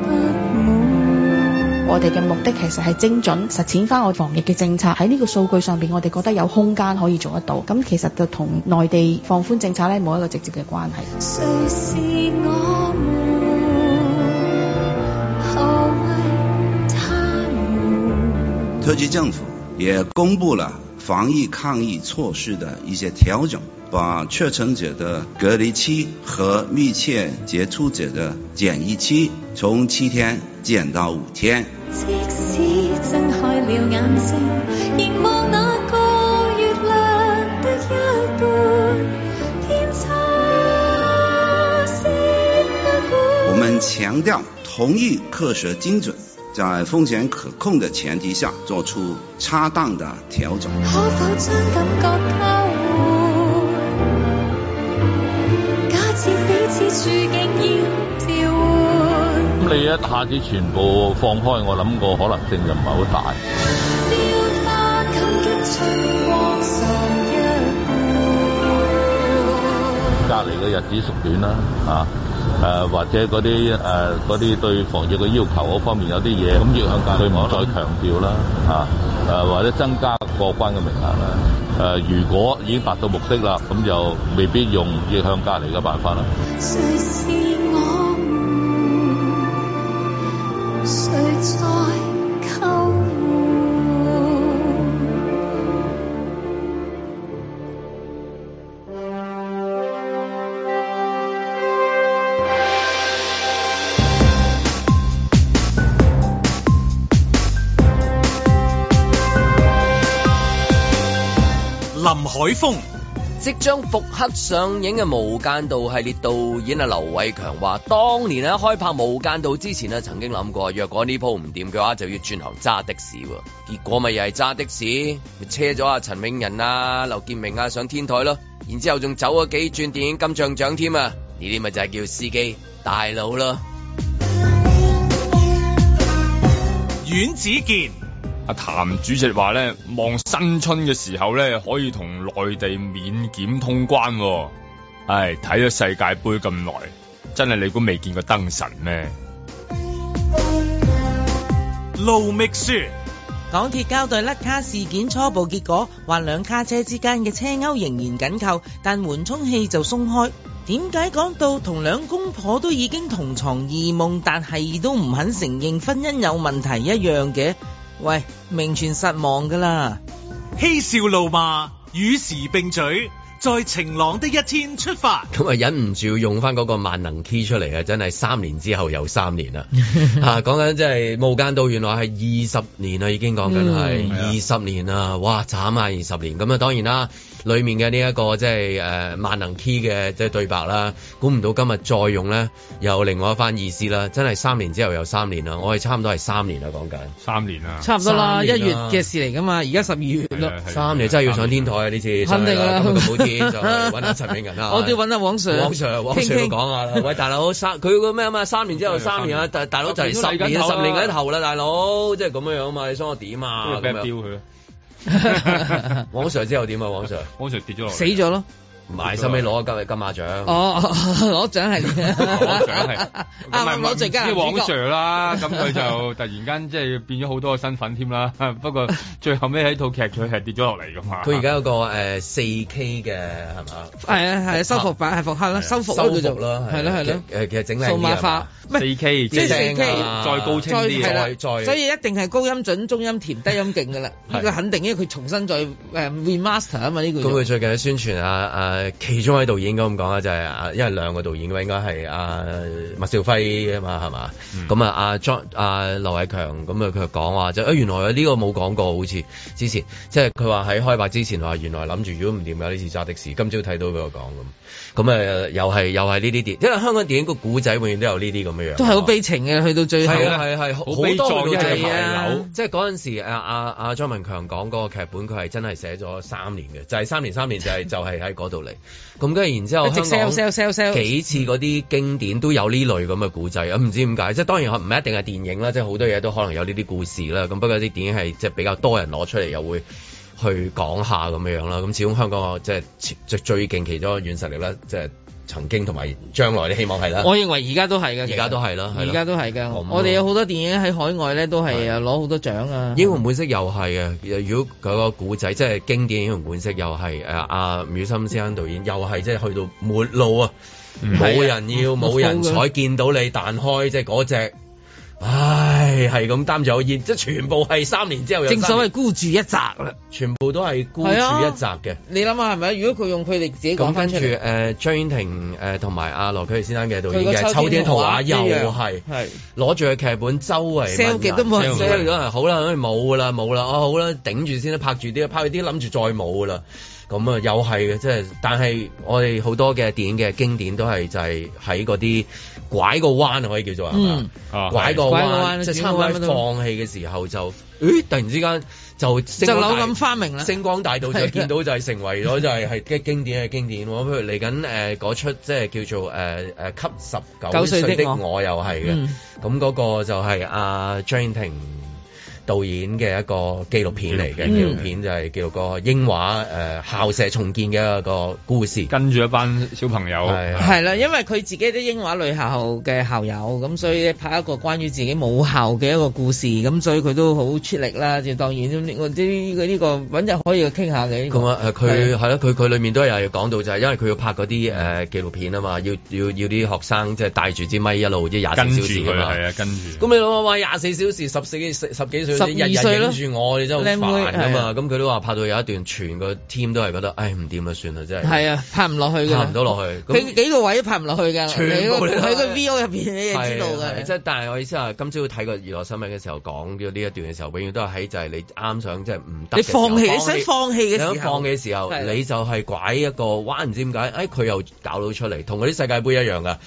我哋嘅目的其實係精準實踐翻我防疫嘅政策喺呢個數據上面，我哋覺得有空間可以做得到。咁其實就同內地放寬政策咧冇一個直接嘅關係。特區政府也公布了防疫抗疫措施的一些調整。把確診者的隔離期和密切接觸者的檢疫期從七天減到五天。我們強調，同意科學精準，在風險可控的前提下，做出恰當的調整。咁你一下子全部放開，我諗個可能性就唔係好大。隔離嘅日子縮短啦，啊，誒、啊、或者嗰啲誒啲對防疫嘅要求嗰方面有啲嘢，咁、嗯、要向隔離再強調啦，啊，誒、啊、或者增加過關嘅名額啦。啊。誒，如果已經達到目的啦，咁就未必用逆向隔離嘅辦法啦。即將復刻上映嘅《無間道》系列導演啊劉偉強話，當年啊開拍《無間道》之前啊，曾經諗過，若果呢鋪唔掂嘅話，就要轉行揸的士，結果咪又係揸的士，咪車咗阿陳永仁啊、劉建明啊上天台咯，然之後仲走咗幾轉電影金像獎添啊，呢啲咪就係叫司機大佬咯。阮子健。譚、啊、主席話咧，望新春嘅時候咧，可以同內地免檢通關，哦。唉，睇咗世界杯咁耐，真係你估未見過燈神咩？盧覓雪，港鐵交代甩卡事件初步結果，話兩卡車之間嘅車鈎仍然緊扣，但緩衝器就鬆開。點解講到同兩公婆都已經同床異夢，但係都唔肯承認婚姻有問題一樣嘅？喂，名存實亡噶啦！嬉笑怒罵，與時並嘴，在晴朗的一天出發。咁 啊，忍唔住要用翻嗰個萬能 key 出嚟啊！真係三年之後又三年啦，吓，講緊即係無間道，原來係二十年啦，已經講緊係二十年啦，哇，慘啊，二十年咁啊，當然啦。裡面嘅呢一個即係誒萬能 key 嘅即係對白啦，估唔到今日再用咧，又另外一番意思啦！真係三年之後又三年啦，我哋差唔多係三年啦，講緊三年啦，差唔多啦，一月嘅事嚟㗎嘛，而家十二月啦，三年真係要上天台啊！呢次肯定啦，咁就揾阿陳永仁啦，我都要揾阿黃 Sir，黃 Sir，黃 Sir 會講下啦。喂，大佬三，佢個咩啊嘛？三年之後 三年，三年啊，大佬就係、是、十年，十年嘅頭啦，大佬即係咁樣樣嘛？你想我點啊？都要咩佢？皇 上之後點啊？皇上，皇上跌咗落，死咗咯。埋收尾攞個金金馬獎哦，攞獎係攞獎係啱啱攞最佳男主角啦！咁、啊、佢就突然間即係變咗好多個身份添啦。 不過最後尾喺套劇裏係跌咗落嚟㗎嘛。佢而家有個誒四 K 嘅係嘛？係啊係啊，啊，修復版係復刻啦，修復啦叫做係咯係咯。其實整係數碼化，四、啊、K 即係四 K，再高清啲，係所以一定係高音準、中音甜、低音勁㗎啦。佢肯定，因為佢重新再誒 remaster 啊嘛呢個。咁佢最近喺宣傳啊啊！其中一位導演應該咁講啦，就係因為兩個導演嘅應該係阿、啊、麥兆輝啊嘛，係咪？咁、嗯、啊、嗯，阿張阿劉偉強咁佢又講話就原來呢個冇講過，好似之前，即係佢話喺開拍之前話，原來諗住如果唔掂嘅呢次揸的士，今朝睇到佢個講咁，咁、嗯嗯、又係又係呢啲啲，因為香港電影個古仔永遠都有呢啲咁嘅樣，都係好悲情嘅，去到最後係係好悲壯嘅，即係嗰陣時阿、啊啊、張文強講嗰個劇本，佢係真係寫咗三年嘅，就係三年三年就係就係喺嗰度咁跟住，然之後一 sell sell sell sell 幾次嗰啲經典都有呢類咁嘅古仔，唔知點解，即係當然唔一定係電影啦，即好多嘢都可能有呢啲故事啦。咁不過啲電影係即比較多人攞出嚟，又會去講下咁樣樣啦。咁始終香港即即最勁其中一個軟實力啦，即曾經同埋將來，你希望係啦。我認為而家都係嘅，而家都係啦，而家都係嘅。是的是的 oh，我哋有好多電影喺海外咧，都係攞好多獎啊！英雄本色又係啊，如果嗰個古仔即係經典英雄本色，又係誒阿吳宇森先生導演是，又係即係去到末路啊，冇、啊、人要，冇、啊、人睬，見到你彈開即係嗰隻。就是唉，係咁擔咗口煙。而即全部係三年之後年正所謂孤注一擲啦，全部都係孤注一擲嘅。你諗下係咪？如果佢用佢哋自己講返出嚟。住誒、呃、張婉婷同埋阿羅嘉先生嘅導演嘅秋天的童話又係攞住個劇本周圍問、啊。成都冇人，即係係好啦，因咪冇噶啦，冇啦。我好啦，頂住先啦，拍住啲，拍住啲，諗住再冇噶啦。咁又係嘅，即係，但係我哋好多嘅電影嘅經典都係就係喺嗰啲拐個彎可以叫做係嘛、嗯，拐個彎，就係、是、差唔多放棄嘅時候就，咦、嗯？突然之間就，就柳暗花明啦，星光大道就見到就係成為咗就係係嘅經典嘅經典，咁 譬如嚟緊誒嗰出即係叫做誒給、呃、十九,九歲的我，歲的我又係嘅，咁、嗯、嗰個就係阿張婉婷導演嘅一個紀錄片嚟嘅。紀錄片、嗯、片就係叫做個英華誒、呃、校舍重建嘅一個故事，跟住一班小朋友係係啦，因為佢自己啲英華女校嘅校友，咁所以拍一個關於自己母校嘅一個故事，咁所以佢都好出力啦，要當然啦、這個、呢、這個搵日、這個、這個、這個、可以傾下你。咁佢係佢佢裏面都有講到，就係因為佢要拍嗰啲誒紀錄片啊嘛，要要要啲學生即係帶住支咪一路即係廿四小時噶嘛，係啊，跟住。咁你話廿四小時，十四十十幾歲？你日日影住我，你真係好煩啊嘛！咁佢都話拍到有一段，全個 team 都係覺得，唉唔掂啦，算啦，真係。係啊，拍唔落去嘅。拍唔到落去。幾幾個位都拍唔落去嘅。全部喺個 VO 入邊，你亦知道嘅。即係，但係我意思係，今朝睇個娛樂新聞嘅時候講呢一段嘅時候，永遠都係喺就係你啱想即係唔得。你放棄嘅時，放棄嘅時放棄嘅時候，你，時候是你就係拐一個彎，唔知點解，誒、哎、佢又搞到出嚟，同嗰啲世界盃一樣㗎！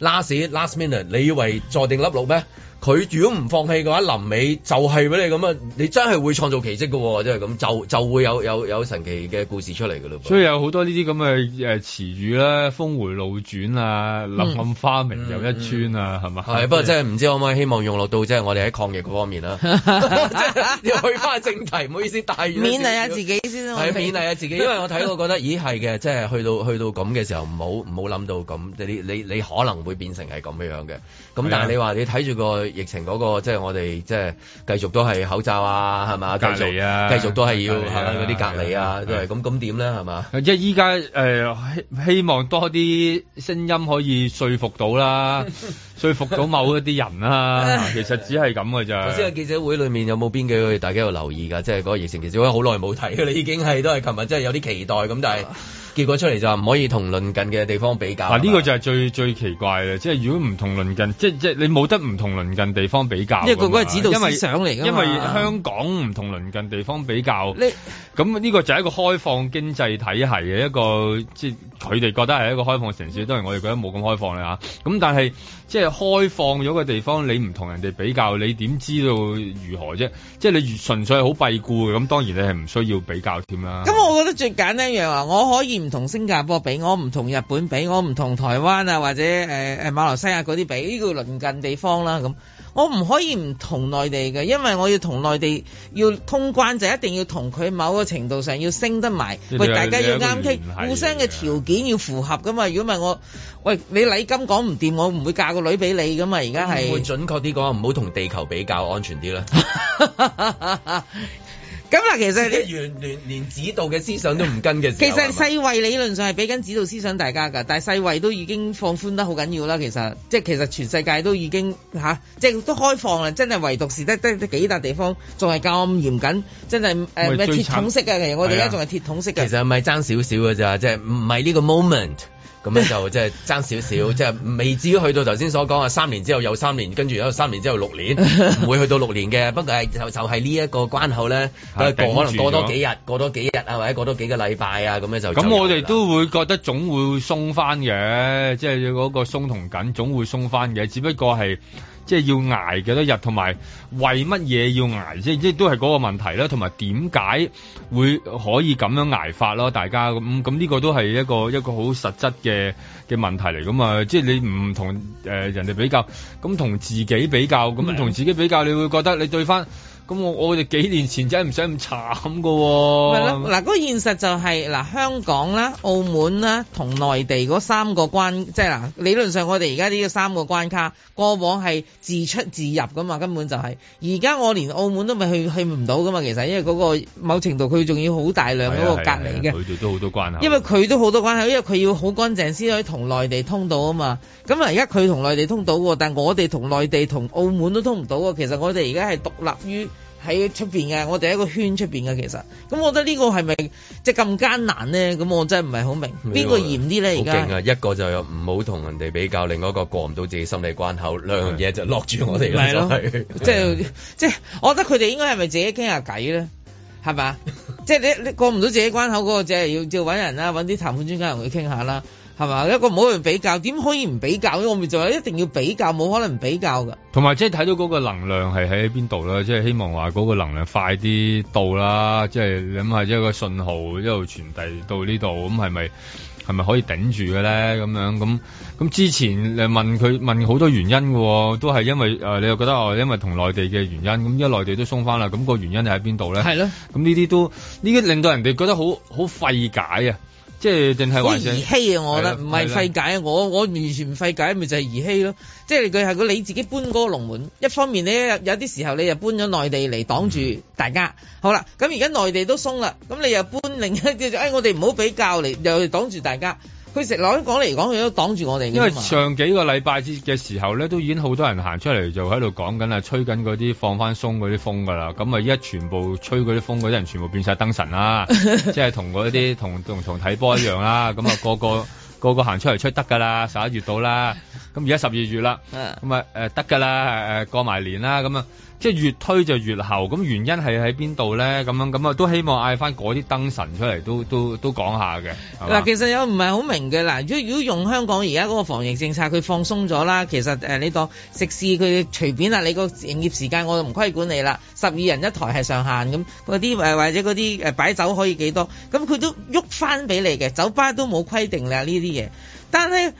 last last minute，你以為坐定粒路咩？佢如果唔放棄嘅話，臨尾就係俾你咁啊！你真係會創造奇蹟嘅喎，即係咁就就會有有有神奇嘅故事出嚟嘅咯。所以有好多呢啲咁嘅誒詞語咧，峰回路轉啊，柳暗花明又一村啊，係、嗯、嘛？係、嗯嗯、不過真係唔知我可唔可以希望用落到即係、就是、我哋喺抗疫嗰方面啦、啊。 要去翻正題，唔好意思，大勉勵下自己先咯。勉勵下自己， 因為我睇我覺得，咦係嘅，即係去到去到咁嘅時候，唔好唔好諗到咁，你你你可能。會變成係咁樣樣嘅，咁但係你話你睇住個疫情嗰、那個，即、就、係、是、我哋即係繼續都係口罩啊，係咪啊，繼續繼續都係要吓嗰啲隔離啊，都係咁咁點咧，係嘛、啊？即係依家誒，希、啊呃、希望多啲聲音可以說服到啦。 說服咗某一啲人啦、啊， 其實只係咁嘅咋。頭先嘅記者會裏面有冇邊幾個大家要留意噶？即係嗰個疫情其實，好耐冇睇你已經係都係琴日，真係有啲期待咁。但係結果出嚟就唔可以同鄰近嘅地方比較。嗱、啊、呢、這個就係最最奇怪嘅，即、就、係、是、如果唔同鄰近，即即係你冇得唔同鄰近，地方、這個、同鄰近地方比較。因為香港唔同鄰近地方比較，咁呢個就係一個開放經濟體系嘅一個，即係佢哋覺得係一個開放城市，當然我哋覺得冇咁開放啦吓。咁但係。即係開放咗個地方，你唔同人哋比較，你點知道如何啫？即係你純粹係好閉顧嘅，咁當然你係唔需要比較添啦。咁、嗯、我覺得最簡單一樣話，我可以唔同新加坡比，我唔同日本比，我唔同台灣啊或者誒誒、呃、馬來西亞嗰啲比，呢個鄰近地方啦、啊、咁。嗯我唔可以唔同內地嘅，因為我要同內地要通關，就一定要同佢某個程度上要升得埋。喂，大家要啱傾，互相嘅條件要符合噶嘛。如果唔係我，喂你禮金講唔掂，我唔會嫁個女俾你噶嘛。而家係會唔會準確啲講，唔好同地球比較，安全啲啦。 咁嗱，其實啲連連連指導嘅思想都唔跟嘅時候，其實世衞理論上係俾緊指導思想大家㗎，但係世衞都已經放寬得好緊要啦。其實即係其實全世界都已經嚇、啊，即係都開放啦。真係唯獨是得得得幾笪地方仲係咁嚴謹，真係誒咩鐵桶式嘅。其實我哋而家仲係鐵桶式嘅、啊。其實係咪爭少少㗎咋，即係唔係呢個 moment。咁 咧就即係爭少少，即係未至於去到頭先所講啊，三年之後有三年，跟住有三年之後六年，唔會去到六年嘅。不過就就係呢一個關口咧， 可能過多幾日，過多幾日啊，或者過多幾個禮拜啊，咁咧就咁我哋都會覺得總會鬆翻嘅，即係嗰個鬆同緊總會鬆翻嘅，只不過係。即係要挨幾多日，同埋為乜嘢要挨？即係即都係嗰個問題啦。同埋點解會可以咁樣挨法咯？大家咁咁呢個都係一個一個好實質嘅嘅問題嚟噶嘛？即係你唔同誒人哋比較，咁同自己比較，咁同自己比較，你會覺得你對翻。咁我我哋幾年前真係唔使咁慘噶喎，啊。嗱，嗰現實就係，是，嗱香港啦，澳門啦同內地嗰三個關，即係嗱理論上我哋而家呢個三個關卡，過往係自出自入噶嘛，根本就係，是。而家我連澳門都咪去去唔到噶嘛，其實因為嗰個某程度佢仲要好大量嗰個隔離嘅。佢哋，啊啊啊，都好多關口，因為佢都好多關口，因為佢要好乾淨先可以同內地通到啊嘛。咁啊，而家佢同內地通到喎，但係我哋同內地同澳門都通唔到喎。其實我哋而家係獨立於。喺出邊嘅，我哋喺個圈出邊嘅其實，咁、嗯、我覺得個是是呢個係咪即係咁艱難咧？咁我真係唔係好明，邊、嗯、個嚴啲咧？而、嗯、家一個就唔好同人哋比較，另外一個過唔到自己心理關口，兩樣嘢就落住我哋咯。係、就是就是、即係即係，我覺得佢哋應該係咪自己傾下偈咧？係嘛？ 即係你你過唔到自己關口嗰個，即係要要揾人啦，揾啲談判專家同佢傾下啦。係嘛？一個冇人比較，點可以唔比較咧？我咪就一定要比較，冇可能唔比較噶。同埋即係睇到嗰個能量係喺邊度啦，即係希望話嗰個能量快啲到啦。即係諗下一個信號一路傳遞到呢度，咁係咪係咪可以頂住嘅咧？咁樣咁咁、嗯嗯、之前誒問佢問好多原因喎、哦，都係因為誒、呃、你又覺得哦因為同內地嘅原因，咁一內地都鬆翻啦，咁、個原因又喺邊度咧？係咯？咁呢啲都呢啲令到人哋覺得好好費解啊！即係定係話，兒戲啊！我覺得唔係費解，我我完全唔費解，咪就係、是、兒戲咯。即係佢係佢你自己搬嗰個龍門，一方面咧，有啲時候你又搬咗內地嚟擋住大家。嗯、好啦，咁而家內地都鬆啦，咁你又搬另一叫做、哎、我哋唔好比較嚟又擋住大家。佢食攞啲講嚟講去，都擋住我哋。因為上幾個禮拜嘅時候咧，都已經好多人行出嚟，就喺度講緊啊，吹緊嗰啲放翻鬆嗰啲風噶啦。咁啊，而家全部吹嗰啲風，嗰啲人全部變晒燈神啦， 即係同嗰啲同同同睇波一樣啦。咁 啊，個個個個行出嚟出得噶啦，十一月到啦。咁而家十二月啦，咁啊誒得噶啦，誒過埋年啦，咁啊。即係越推就越後，咁原因係喺邊度咧？咁樣咁啊，都希望嗌翻嗰啲燈神出嚟，都都都講下嘅。嗱，其實又唔係好明嘅啦。如果如果用香港而家嗰個防疫政策，佢放鬆咗啦。其實誒，你當食肆佢隨便啊，你個營業時間我就唔規管你啦，十二人一台係上限咁。嗰啲誒或者嗰啲誒擺酒可以幾多？咁佢都喐翻俾你嘅，酒吧都冇規定啦呢啲嘢。但係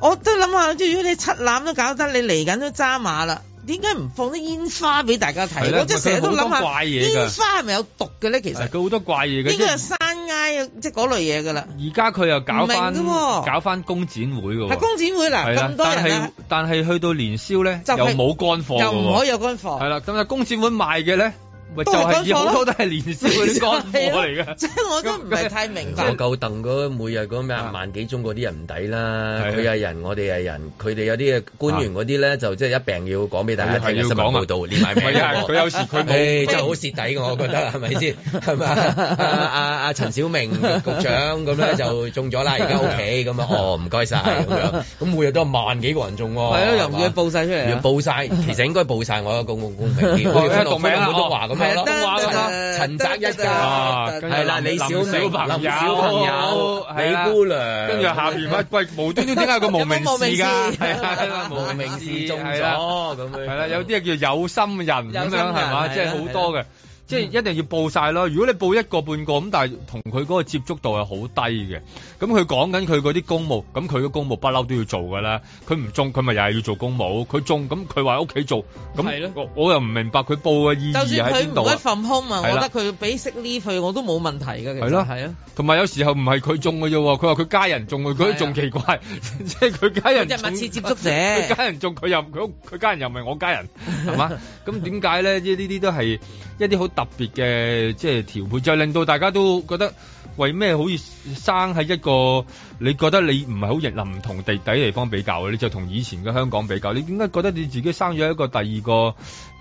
我都諗下，即如果你七攬都搞得，你嚟緊都揸馬啦。點解唔放啲煙花俾大家睇？我即係成日都諗下，煙花係咪有毒嘅呢？其實佢好多怪嘢嘅。應該係山埃即係嗰類嘢㗎喇。而家佢又搞翻、哦，搞返工展會㗎、哦。係工展會嗱，咁多人但係去到年宵呢，就係、又冇乾貨㗎、哦、又唔可以有乾貨。係啦，咁就工展會賣嘅呢。是就係而好多都係年少嗰啲幹貨嚟嘅，即 我都唔係太明白。 我夠凳嗰每日嗰咩萬幾宗嗰啲人唔抵啦，佢係、啊、人，我哋係人，佢哋有啲嘅官員嗰啲咧，就即係一病要講俾大家睇，新聞報連埋係佢有時佢，唉、哎，真係好蝕底，我覺得係咪先？係 嘛？阿、啊、阿、啊啊啊、陳小明局長咁咧 就中咗啦，而家屋企咁啊，哦唔該曬咁樣，咁每日都萬幾個人中喎。係啊，又要報曬出嚟。要報曬，其實應該報晒我覺得公公公平，報翻好多係啦，啦。陳宅一家，係啦，你、啊、小，小，小朋友，李姑娘，跟住下邊乜鬼？無端端點解有個無名氏？係啦，無名氏仲係咁樣，係啦，有啲係叫有心人咁樣，係、嗯、嘛？即係好多嘅。嗯、即係一定要報晒咯，如果你報一個半個咁，但係同佢嗰個接觸度係好低嘅。咁佢講緊佢嗰啲公務，咁佢嘅公務不嬲都要做噶啦。佢唔中，佢咪又係要做公務；佢中，咁佢話屋企做咁，我又唔明白佢報嘅意義喺邊度啊？佢一份工啊，我覺得佢俾息 l 佢，我都冇問題嘅。係咯，係啊。同埋有時候唔係佢中嘅啫，佢話佢家人中，佢覺仲奇怪。即係佢家人， 就密切接觸者。佢家人中，佢又佢佢家人又唔係我家人，係 嘛？咁點解咧？即係呢啲都係。一啲好特別嘅，即係調配，就令到大家都覺得為咩好似生喺一個你覺得你唔係好型林同地底地方比較，你就同以前嘅香港比較，你點解覺得你自己生咗一個第二個？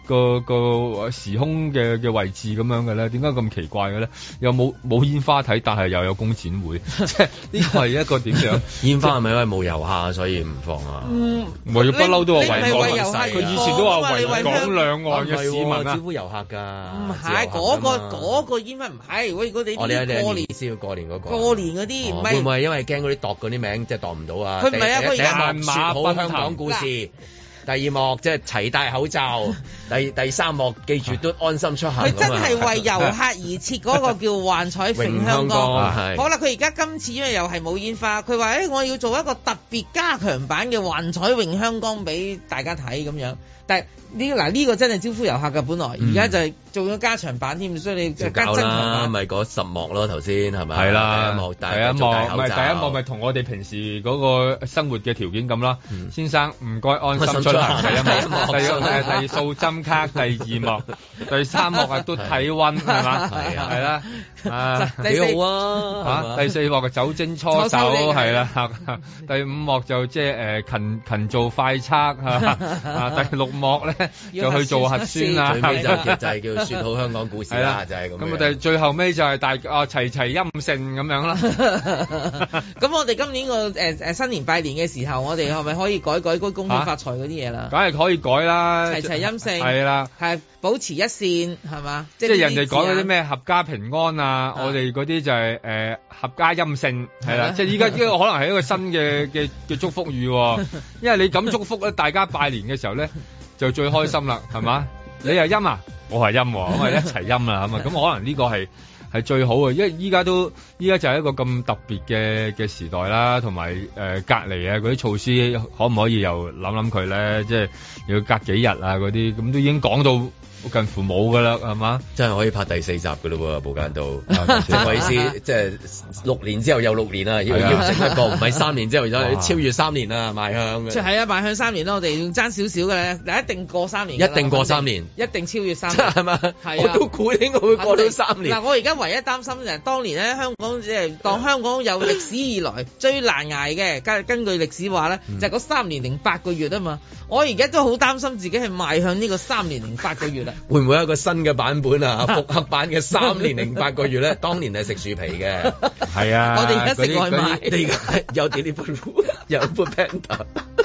個個時空嘅位置咁樣嘅呢，點解咁奇怪嘅呢？又冇冇煙花睇，但係又有工展會，即係呢個係一個點樣？ 煙花係咪因為冇遊客所以唔放呀、啊？唔、 嗯，唔、嗯、係不嬲都話維港、啊、兩岸嘅市民招呼遊客㗎。唔係嗰個嗰、嗰個煙花唔係，如果你過年先要過年嗰個。過年嗰啲、哦、會唔會，因為驚嗰啲度嗰啲名即係度唔到呀。佢唔係一個人、啊、香港故事。第二幕即係齊戴口罩，第第三幕記住都安心出行。佢 真係為遊客而設嗰個叫幻彩香 詠香江。好啦，佢而家今次因為又係冇煙花，佢話、哎：，我要做一個特別加強版嘅幻彩詠香江俾大家睇咁樣。但係呢嗱呢個真係招呼遊客㗎，本來而家就係做咗加長版添，所以你加增長版咪嗰十幕咯，頭先係咪？係啦，幕第一幕咪第一幕咪同我哋平時嗰個生活嘅條件咁啦。先生唔該安心出行。第一幕係誒係掃針卡，第二幕第三幕係都體温係嘛？係啦，啊幾好啊！嚇第四幕嘅酒精搓手係啦，第五幕就即係誒勤勤做快測嚇，啊第六。莫咧就去做核酸啦，酸酸最後尾就其實就係叫說好香港故事啦，就係咁。咁我哋最後尾就係大啊齊齊陰性咁樣啦。咁我哋今年個誒誒新年拜年嘅時候，我哋係咪可以改改嗰啲恭喜發財嗰啲嘢啦？梗係可以改啦，齊齊陰性係啦，係保持一線係嘛？即係人哋講嗰啲咩合家平安啊，啊我哋嗰啲就係、是、誒、呃、合家陰性係啦。啊、 即係依家呢個可能係一個新嘅嘅嘅祝福語、啊， 因為你咁祝福咧， 大家拜年嘅時候咧。就最開心啦，係嘛？你係陰啊，我係陰，咁咪一齊陰啦，係嘛？咁可能呢個係係最好嘅，因為依家都依家就係一個咁特別嘅嘅時代啦，同埋誒隔離啊嗰啲措施可唔可以又諗諗佢咧？即係要隔幾日啊嗰啲，咁都已經講到。近乎冇噶啦，係嘛？真係可以拍第四集噶咯，無間道。即 係意思，即、就、係、是、六年之後又六年啦。 要一個唔係三年之後，再超越三年啦，邁向。係 啊，邁向三年啦，我哋爭少少嘅咧。一定過三年，一定過三年，一定超越三年，係 嘛是嗎？ 我都估應該會過到三年。嗱， 我而家唯一擔心嘅係當年咧，香港即係當香港有歷史以來最難捱嘅。根據歷史話咧，就係、是、嗰三年零八個月啊嘛、嗯。我而家都好擔心自己係邁向呢個三年零八個月啦。會唔會有一個新嘅版本啊？復刻版嘅三年零八個月咧， 當年係食樹皮嘅，係 啊，我哋而家食外賣，嗰啲嗰啲又點樣復古，又復 back 㗎？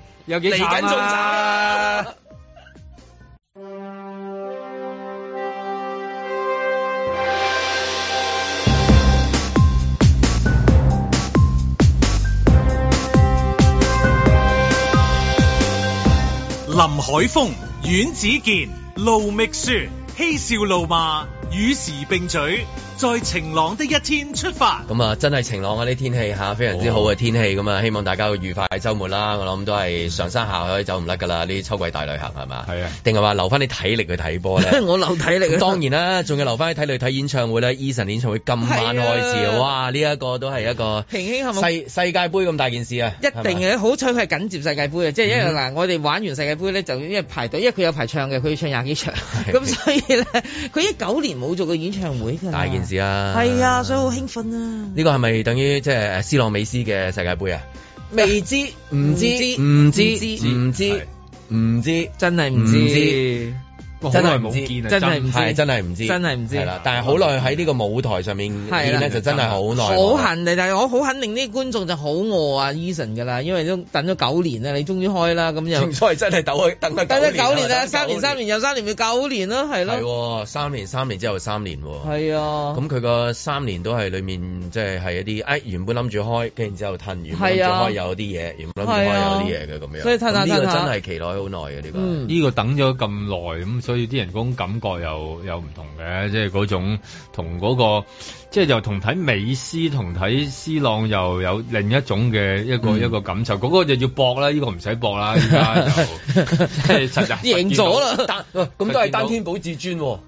有幾慘咋？啊啊、 林海峰、阮子健、盧覓雪、嬉笑怒罵。與時並舉，在晴朗的一天出發。咁啊，真係晴朗啊！啲天氣嚇、啊，非常之好嘅天氣咁啊，希望大家會愉快週末啦、啊。我諗都係上山下海走唔甩㗎啦，呢秋季大旅行係嘛？係啊，定係話留翻啲體力去睇波咧？ 我留體力啊！當然啦，仲要留翻啲體力睇演唱會啦。 Eason 演唱會今晚開始，啊、哇！呢、這、一個都係一個世 平係咪世界盃咁大件事啊！一定嘅、啊，好彩佢係緊接世界盃嘅，即 係因為嗱，我哋玩完世界盃咧，就因為排隊，因為佢有排唱嘅，佢要唱廿幾場，咁、啊、 所以咧，佢一九年。冇做過演唱會嘅大件事啊，係啊，所以好興奮啊是是！呢個係咪等於即係誒斯朗美斯嘅世界杯啊？未知，唔、嗯、知，唔知，唔知，唔知，唔知,知,知,知,知，真係唔知。真係冇見，真係唔知，真係唔知，真係唔知。係啦，但係好耐喺呢個舞台上面見咧，就真係好耐。好恨你，但係我好肯定啲觀眾就好餓啊！Eason 㗎啦，因為都等咗九年啦，你終於開啦，咁又。唔錯，係真係等佢，等咗九年啦。三年、三年又三年，咪九年啦係咯。三年、三年之後三年。係啊。咁佢個三年都係裏面，即係係一啲原本諗住開，跟住之後騰完再開有啲嘢，原本諗住開,開、啊、有啲嘢嘅咁樣。所以太大大。呢個真係期待好耐嘅呢個，呢、嗯呢個等咗咁耐所以啲人工感覺又有唔同嘅，即係嗰種同嗰、嗰個即係又同睇美斯同睇斯朗又有另一種嘅一個、嗯、一個感受。嗰、嗰個就要搏、呢個、 啦，呢個唔使搏啦，依家即係贏咗啦！咁都係單天保至尊喎，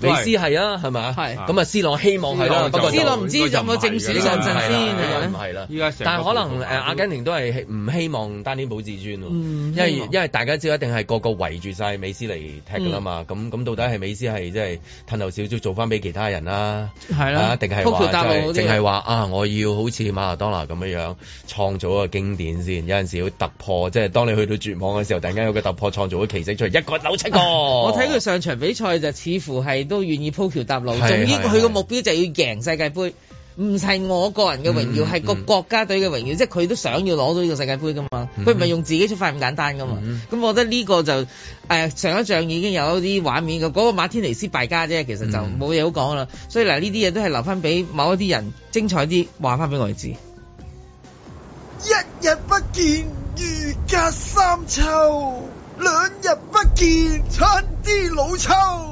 美斯係啊，係咪啊？咁啊！斯朗希望係、啊啊啊啊啊啊啊、啦，個不過斯朗唔知有冇正選上陣先，唔啦。依家但係可能誒阿根廷都係唔希望單天保至尊喎，因為因為大家知一定係個個圍住晒美斯嚟踢㗎嘛。啊，咁咁到底係美斯係即係褪後少少做翻俾其他人啦，係啦、啊，定係話即係淨係話啊，我要好似馬拉當拿咁樣樣創造一個經典先。有陣時會突破，即係當你去到絕望嘅時候，突然間有個突破創造咗奇蹟出嚟，一個扭出個，七個。啊、我睇佢上場比賽就似乎係都願意鋪橋搭路，仲要佢個目標就係要贏世界盃。唔係我個人嘅榮耀，係、嗯、個、嗯、國家隊嘅榮耀，嗯、即係佢都想要攞到呢個世界盃噶嘛，佢唔係用自己出發咁簡單噶嘛，咁、嗯嗯、我覺得呢個就誒、呃、上一仗已經有啲畫面嘅，嗰、那個馬天尼斯敗家啫，其實就冇嘢好講啦，所以嗱呢啲嘢都係留翻俾某一啲人精彩啲話翻俾我哋知。一日不見，如隔三秋；兩日不見，餐啲老抽。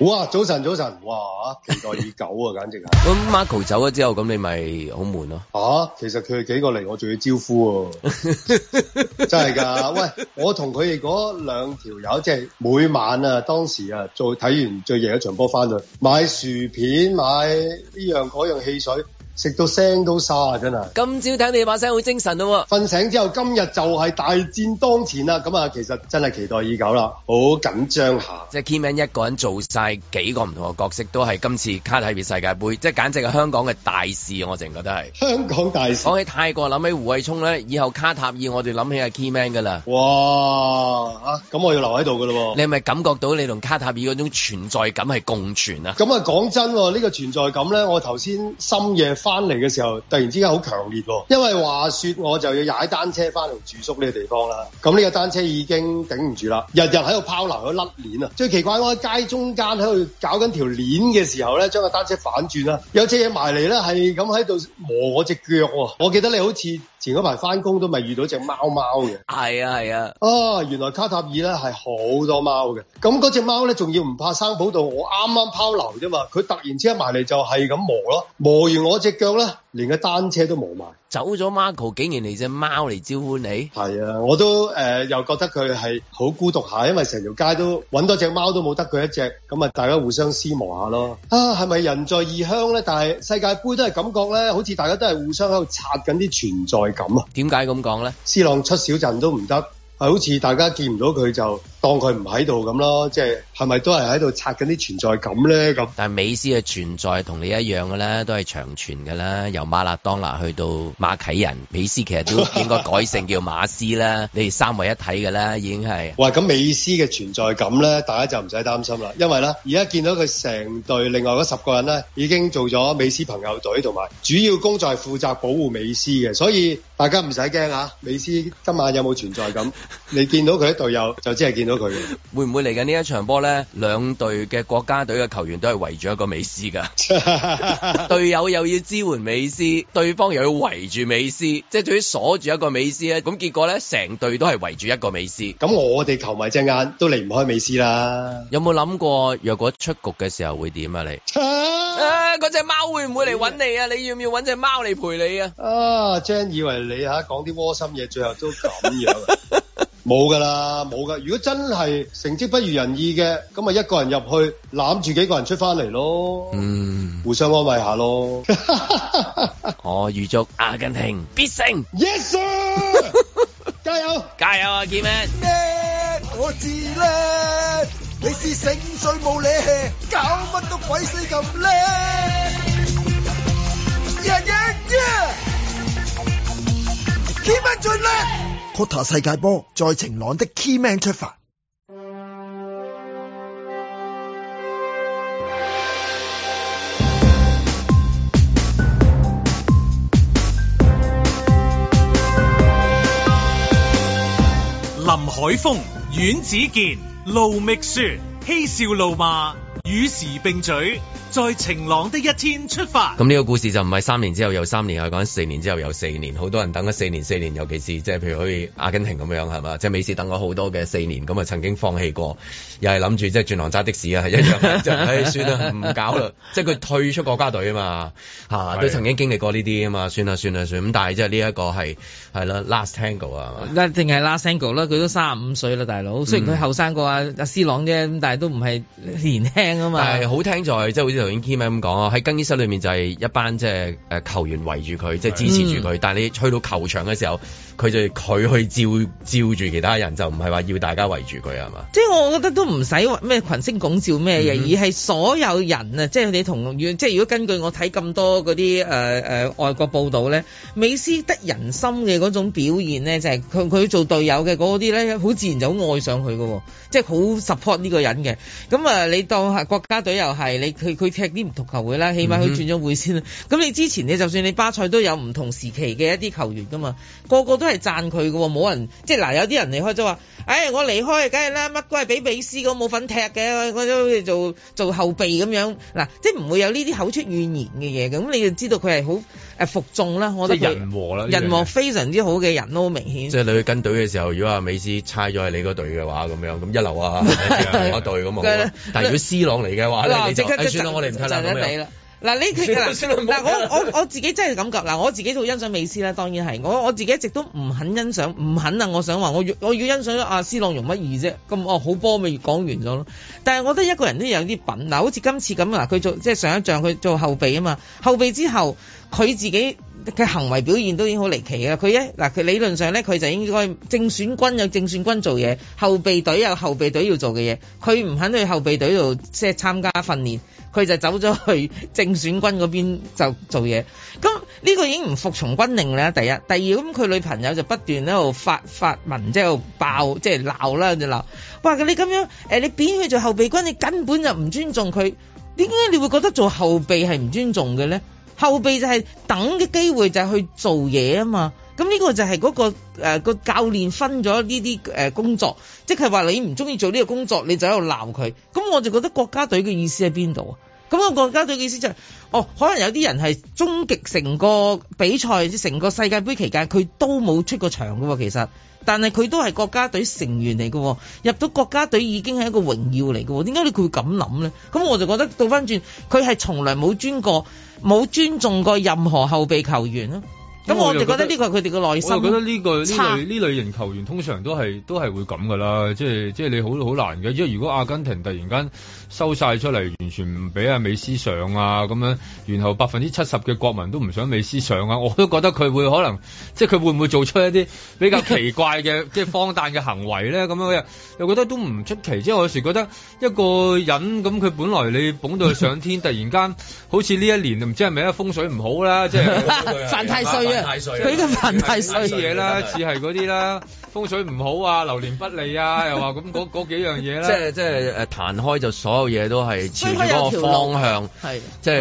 哇！早晨，早晨，哇！期待已久啊，簡直係咁。 Marco 走咗之後，咁你咪好悶咯？吓、啊，其實佢哋幾個嚟，我仲要招呼啊！ 真係噶，喂，我同佢哋嗰兩條友即係每晚啊，當時啊，再睇完最夜嗰場波翻去，買薯片，買呢樣嗰樣汽水。食到聲都沙啊！真係。今朝睇你把聲好精神咯。瞓醒之後，今日就係大戰當前啦。咁啊，其實真係期待已久啦，好緊張下。即係 K-Man 一個人做晒幾個唔同嘅角色，都係今次卡塔爾世界盃，即係簡直係香港嘅大事，我淨覺得係。香港大事。講起泰國，諗起胡慧聰咧，以後卡塔爾我哋諗起阿 K-Man 㗎啦。哇！嚇，咁我要留喺度㗎咯喎。你係咪感覺到你同卡塔爾嗰種存在感係共存啊？咁啊，講真，呢個存在感咧，我頭先深夜。翻嚟嘅時候，突然之間好強烈喎、哦，因為話說我就要踩單車翻嚟住宿呢個地方啦。咁、嗯、呢、這個單車已經頂唔住啦，日日喺度拋流咗粒鏈啊！最奇怪我喺街中間喺度搞緊條鏈嘅時候咧，將個單車反轉啦，有隻嘢埋嚟咧，係咁喺度磨我隻腳喎。我記得你好似。前嗰排翻工，都咪遇到隻貓貓嘅。係啊，係啊，啊原來卡塔爾呢係好多貓嘅。咁嗰隻貓呢，仲要唔怕生寶到我啱啱拋流啫嘛，佢突然之間埋嚟，就係咁磨囉，磨完我隻腳咧。連個單車都冇埋，走咗 Marco，竟然嚟隻貓嚟招呼你？係啊，我都誒又覺得佢係好孤獨下，因為成條街都搵多隻貓都冇得佢一隻，咁啊大家互相廝磨下咯。啊，係咪人在異鄉咧？但係世界杯都係感覺咧，好似大家都係互相喺度刷緊啲存在感啊？點解咁講咧？C 朗出小陣都唔得，係好似大家見唔到佢就。當佢唔喺度咁咯，即係係咪都係喺度刷緊啲存在感呢？咁但係美斯嘅存在同你一樣嘅呢，都係長存嘅啦。由馬勒當拿去到馬啟仁，美斯其實都應該改姓叫馬斯啦。 你哋三位一體嘅啦，已經係。哇！咁美斯嘅存在感呢，大家就唔使擔心啦，因為呢，而家見到佢成隊另外嗰十個人呢，已經做咗美斯朋友隊同埋主要工作係負責保護美斯嘅，所以大家唔使驚啊！美斯今晚有冇存在感？ 你見到佢啲隊友就只係見。會唔會嚟緊呢一場波呢？兩隊嘅國家隊嘅球員都係圍住一個美斯噶隊友又要支援美斯，對方又要圍住美斯，即係對於鎖住一個美斯啊。咁結果呢，成隊都係圍住一個美斯。咁我哋球迷隻眼都離唔開美斯啦。有冇諗過若果出局嘅時候會點啊？你 啊，嗰隻貓會唔會嚟揾你啊？你要唔要揾隻貓嚟陪你啊？啊 Jen 以為你吓講啲窩心嘢，最後都咁樣。 冇噶啦，冇噶。如果真係成績不如人意嘅，咁咪一個人入去攬住幾個人出翻嚟咯。嗯，互相安慰下咯。我預祝阿根廷必勝，Yes sir！加油，加油啊！健咩？叻！我最叻，你是醒水冇理氣，搞乜都鬼死咁叻。耶耶耶！健咩最叻？世界波，在晴朗的 Keyman 出發。林海峰、阮子健、盧覓雪，嬉笑怒罵，與時並嘴》。在晴朗的一天出發。咁呢個故事就唔係三年之後又三年，係講四年之後又四年。好多人等咗四年，四年，尤其是即係譬如去阿根廷咁樣，係嘛？即係美斯等咗好多嘅四年，咁啊曾經放棄過，又係諗住即係轉行揸的士啊，係一樣嘅。係、 哎、算啦，唔搞啦。 即係佢退出國家隊啊嘛，嚇、啊、都曾經經歷過呢啲啊嘛，算啦算啦算。咁但係即係呢一個係係啦 Last Tango 啊一定係 Last Tango 啦，佢都三十五歲啦，大佬、嗯。雖然佢後生過阿、啊、阿斯朗啫，咁但係都唔係年輕啊嘛。係好聽在即係好似。劉永謙，咪咁講啊，喺更衣室裏面就係一班即係誒球員圍住佢，即係支持住佢。嗯、但係你去到球場嘅時候，佢就佢去照照住其他人，就唔係話要大家圍住佢啊嘛？即係我覺得都唔使話咩群星拱照咩嘢，mm-hmm. 而係所有人啊！即係你同即係如果根據我睇咁多嗰啲誒誒外國報道咧，美斯得人心嘅嗰種表現咧，就係佢佢做隊友嘅嗰啲咧，好自然就好愛上佢嘅，即係好 support 呢個人嘅。咁啊，你當係國家隊又係你佢佢踢啲唔同球會啦，起碼佢轉咗會先啦。咁、mm-hmm. 你之前你就算你巴塞都有唔同時期嘅一啲球員噶嘛，個個都係係讚佢嘅，冇人即係嗱，有啲人離開咗話，誒、哎，我離開梗係啦，乜鬼俾比斯咁冇份踢嘅，我都好似做做後備咁樣，嗱，即係唔會有呢啲口出怨言嘅嘢，咁你就知道佢係好誒服眾啦，我覺得人和啦，人和非常之好嘅人囉，好明顯。即係你去跟隊嘅時候，如果阿美斯差咗喺你嗰隊嘅話，咁樣咁一流啊，同一隊咁，但係如果 C 朗嚟嘅話，你就即刻、哎，我哋唔踢啦？嗱，呢，嗱我我我自己真係感覺，嗱我自己都欣賞美斯啦，當然係我我自己一直都唔肯欣賞唔肯啊！我想話我要我要欣賞阿、啊、斯朗，容乜易啫？咁哦，好波咪講完咗咯，但係我覺得一個人都有啲品，嗱，好似今次咁啊。佢做即係上一仗佢做後備啊嘛，後備之後佢自己。佢行為表現都已經好離奇啦！佢呢，嗱佢理論上咧，佢就應該正選軍有正選軍做嘢，後備隊有後備隊要做嘅嘢。佢唔肯去後備隊度即係參加訓練，佢就走咗去正選軍嗰邊就做嘢。咁呢個已經唔服從軍令啦！第一，第二咁佢女朋友就不斷喺度發發文，即係度爆即係鬧啦，就鬧、是就是。哇！你咁樣誒，你貶佢做後備軍，你根本就唔尊重佢。點解你會覺得做後備係唔尊重嘅咧？後備就係等嘅機會就係去做嘢啊嘛，咁呢個就係嗰、嗰個誒個、呃、教練分咗呢啲誒工作，即係話你唔中意做呢個工作，你就喺度鬧佢，咁我就覺得國家隊嘅意思喺邊度啊？咁個國家隊嘅意思就係，哦，可能有啲人係終極成個比賽，即成個世界盃期間佢都冇出過場㗎喎，其實，但係佢都係國家隊成員嚟嘅喎，入到國家隊已經係一個榮耀嚟嘅喎，點解你佢會咁諗咧？咁我就覺得倒翻轉，佢係從來冇尊過，冇尊重過任何後備球員咯。咁我就覺得呢個係佢哋嘅內心。我覺得呢個呢類呢類型球員通常都係都係會咁㗎啦，即係即係你好好難嘅，因為如果阿根廷突然間。收曬出嚟，完全唔俾阿美斯上啊，咁樣，然後百分之七十嘅國民都唔想美斯上啊，我都覺得佢會可能，即係佢會唔會做出一啲比較奇怪嘅，即係荒誕嘅行為咧？咁樣又又覺得都唔出奇，即係我有時覺得一個人咁，佢本來你捧到上天， 突然間好似呢一年唔知係咪啊風水唔好、啊即係 即係、 啦，即係犯太歲啊！佢應該犯太歲嘢啦，只係嗰啲啦。風水唔好啊，流年不利啊，又話咁嗰嗰幾樣嘢啦。即係即係誒彈開就所有嘢都係朝嗰個方向，係即係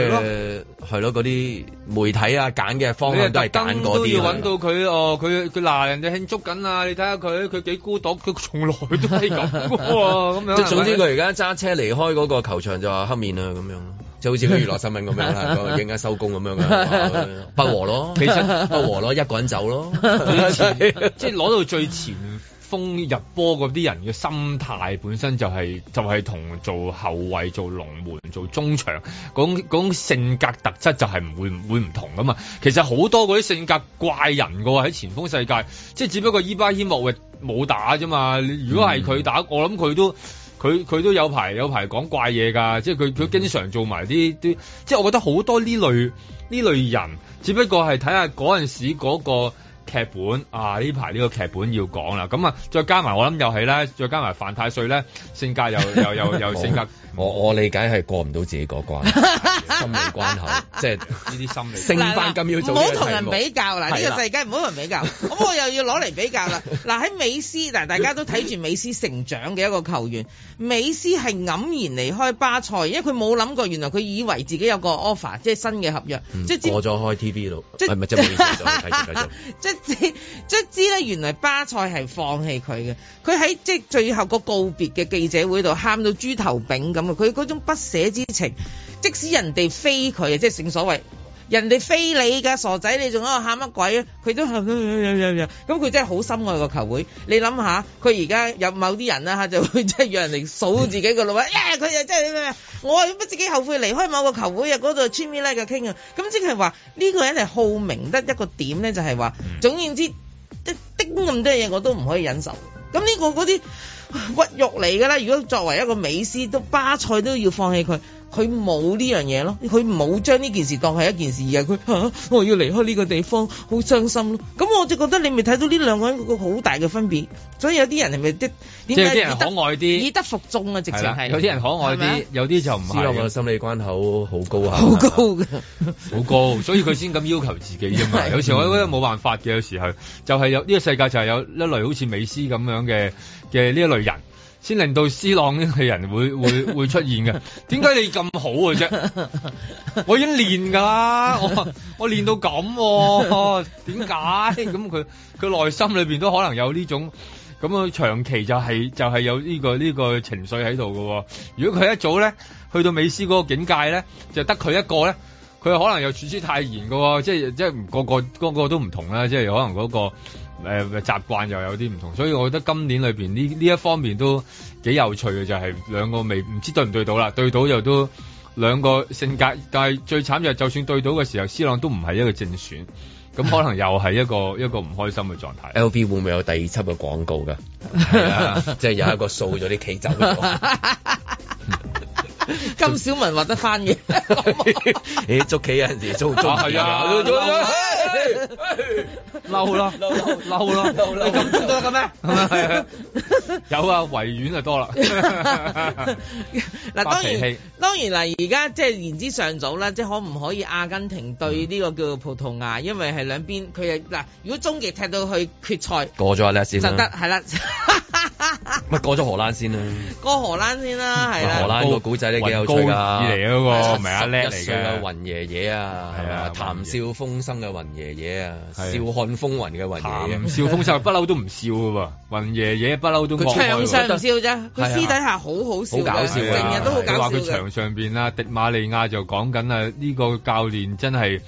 係咯，嗰啲媒體啊揀嘅方向都係揀嗰啲要揾到佢哦，佢佢嗱人哋慶祝緊啊，你睇下佢佢幾孤獨，佢從來都係咁嘅喎，咁 樣。即總之佢而家揸車離開嗰個球場就話黑面啊咁樣。就好似佢娛樂新聞咁樣啦，咁陣間收工咁樣嘅，不和咯，其實不和咯，一個人走咯，即係攞到最前鋒入波嗰啲人嘅心態，本身就係、是、就係、是、同做後衞、做龍門、做中場嗰種嗰種性格特質就係唔會會唔同噶嘛。其實好多嗰啲性格怪人嘅喎，喺前鋒世界，即係只不過伊巴謙莫域冇打啫嘛。如果係佢打，嗯、我諗佢都。佢佢都有排有排講怪嘢㗎，即係佢佢經常做埋啲啲，即係我覺得好多呢類呢類人，只不過係睇下嗰陣時嗰個劇本啊，呢排呢個劇本要講啦。咁啊，再加埋我諗又係咧，再加埋犯太歲咧，性格又又又又， 又性格。我我理解係過唔到自己個關， 心理關口，即係呢啲心理關。性， 翻今秒唔好同人比較啦！呢、呢個世界唔好同人比較，咁 我又要攞嚟比較啦！嗱喺美斯，嗱大家都睇住美斯成長嘅一個球員， 美斯係黯然離開巴塞，因為佢冇諗過，原來佢以為自己有個 offer，即係新嘅合約，約、嗯。過咗開 TV 度， 即咪是 即係是 即係知咧，原來巴塞係放棄佢嘅。佢喺即係最後個告別嘅記者會度喊到豬頭炳咁。佢嗰種不捨之情，即使人哋非佢，即係正所謂，人哋非你噶傻仔，你仲喺度喊乜鬼啊？佢都喊，咁咁佢真係好深愛個球會。你諗下，佢而家有某啲人啊就， 就真係讓人嚟數自己個老邁。呀，佢又真係咩？我都不自己後悔離開某個球會 啊！嗰度 chimy 傾啊！咁即係話呢個人係好明得一個點咧，就係話，總而言之，的叮咁多嘢我都唔可以忍受。咁呢個嗰啲。骨肉嚟噶啦！如果作為一個美斯，都巴塞都要放棄佢。佢冇呢樣嘢咯，佢冇將呢件事當係一件事，而佢吓我要離開呢個地方，好傷心咯。咁我就覺得你未睇到呢兩個人個好大嘅分別，所以有啲人係咪即係啲人可愛啲，以德服眾啊，直情係。有啲人可愛啲，有啲就唔係。自我嘅心理關口好高啊，好高嘅，好 高，所以佢先咁要求自己啫嘛。 有時我覺得冇辦法嘅，就是、有時候就係有呢個世界就係有一類好似美斯咁樣嘅嘅呢一類人。先令到 C 朗呢個人會會會出現嘅，點解你咁好嘅、啊、啫？我已經練噶啦，我我練到咁、啊，點解咁佢佢內心裏邊都可能有呢種咁佢長期就係、是、就係、是、有呢、這個呢、這個情緒喺度嘅。如果佢一早咧去到美斯嗰個境界咧，就得佢一個咧，佢可能又處之泰然嘅，即係即係唔個個，個個都唔同啦，即係可能嗰、那個。誒、呃、習慣又有啲唔同，所以我覺得今年裏面呢呢一方面都幾有趣嘅，就係、是、兩個未唔知對唔對到啦，對到又都兩個性格，但係最慘就就算對到嘅時候，思朗都唔係一個正選，咁可能又係一個 一個唔開心嘅狀態。LB 會唔會有第二輯嘅廣告㗎？係啊，即係有一個掃咗啲 K 走。 金小文話得翻嘅，誒捉棋有陣時捉捉，係啊，嬲、啊、啦，嬲嬲咯，係咁多咁咩？有啊，維園就多啦。嗱， 當然當然嗱，而家即係言之尚早啦，即係可唔可以阿根廷對呢個叫做葡萄牙？因為係兩邊佢啊嗱，如果終極踢到去決賽，過咗啦，你阿師，就得係啦，咪過咗荷蘭先啦，過荷蘭先啦，係啦，荷蘭個古仔咧。幾有二嚟嗰個唔係阿叻嚟，雲爺爺啊，係啊？談、啊啊、笑風生嘅雲爺爺啊，笑看、啊、風雲嘅雲爺爺、啊。唔、啊、笑風生不嬲都唔笑㗎喎， 雲爺爺不嬲都。佢場上唔笑啫，佢、啊、私底下好好笑，搞笑，成日都好搞笑。話佢、啊啊、場上邊啊，迪馬利亞就講緊啊，呢個教練真係。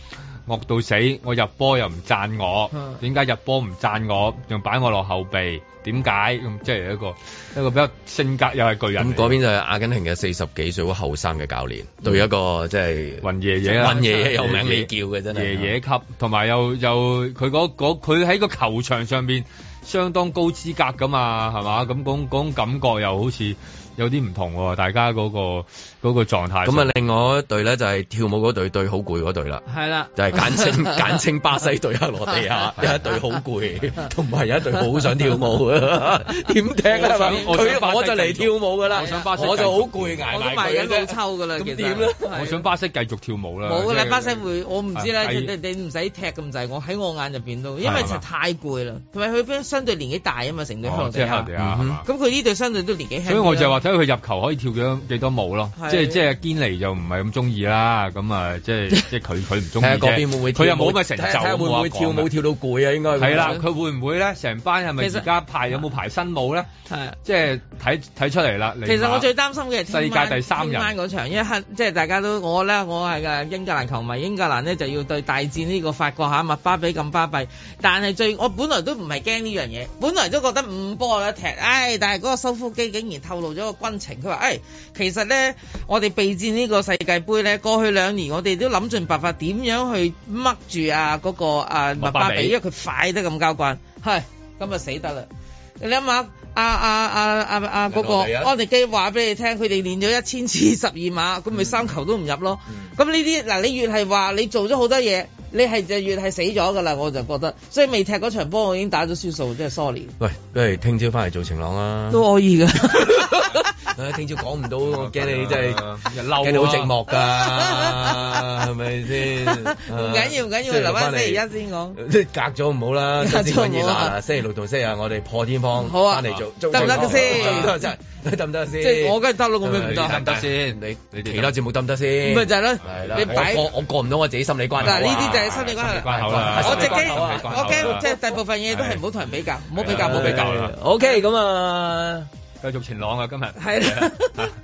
惡到死，我入波又唔讚我，點解入波唔讚我，仲擺我落後備？點解咁？即係一個一個比較性格又係巨人。咁嗰邊就係阿根廷嘅四十幾歲好後生嘅教練，對一個即係雲爺爺，雲爺爺有名你叫嘅真係爺爺級，同埋又又佢嗰嗰佢喺個球場上面相當高資格噶嘛，係嘛咁嗰嗰感覺又好似。有啲唔同、啊，大家嗰、那個嗰、那個狀態。咁啊，另外一隊咧就係、是、跳舞嗰隊對好攰嗰隊啦。係啦，就係、是、簡稱 簡稱巴西隊克羅地亞， 有一隊好攰，同 埋有一隊好想跳舞。點 踢啊嘛？我就嚟跳舞噶啦，我就好攰，捱捱攰咧。我捱抽噶啦。咁點我想巴西繼續,續,續,續,續, 續跳舞啦。冇啊、就是，巴西會我唔知咧。你唔使踢咁滯我喺我眼入面都因為其實太攰啦。同埋佢邊相對年紀大啊嘛，成隊香港咁佢呢隊相對都年紀輕。所以我就因為佢入球可以跳咗幾多舞咯，即係即係堅尼就唔係咁中意啦，咁啊即係 即係佢佢唔中意嘅，佢又冇咁嘅成就喎。看看會唔會跳舞跳到攰啊？應該係啦，佢會唔會咧？成班係咪而家排其實有冇排新舞咧？係即係睇睇出嚟啦。其實我最擔心嘅係今晚，今晚嗰場一刻，即係大家都我咧，我係嘅英格蘭球迷，英格蘭咧就要對大戰呢個法國下、啊、麥巴比咁巴閉，但係最我本來都唔係驚呢樣嘢，本來都覺得唔波我踢，唉、哎，但係嗰個收腹肌竟然透露咗。軍情，佢話誒，其實咧，我哋備戰呢個世界杯咧，過去兩年我哋都諗盡辦法，點樣去掹住啊嗰、嗰個啊麥巴比、啊，因為佢快得咁交關，係，咁就死得啦，你諗下。啊啊啊啊，阿、啊、嗰、啊啊啊啊啊嗰個安迪基話俾你聽，佢哋練咗一千次十二碼，咁咪三球都唔入咯。咁呢啲嗱，你越係話你做咗好多嘢，你係就越係死咗噶啦。我就覺得，所以未踢嗰場波，我已經打咗輸數，即係 sorry。喂，都係聽朝翻嚟做晴朗啊！都可以噶。 誒，聽朝講唔到，我驚你真係，驚你好寂寞噶，係咪先？唔緊要，唔緊要，留翻星期一先講。隔咗唔好啦，啊，星期六、同星期日，我哋破天荒好啊，得唔得先？得唔得先？即係我梗係得啦，我咩唔得。得唔得先？你哋其他節目得唔得先？咪就係咯。係啦，我我過唔到我自己心理關。嗱，呢啲就係心理關。我自己我驚，即係大部分嘢都係唔好同人比較，唔好比較，唔好比較。OK，咁啊。繼續晴朗啊！今日係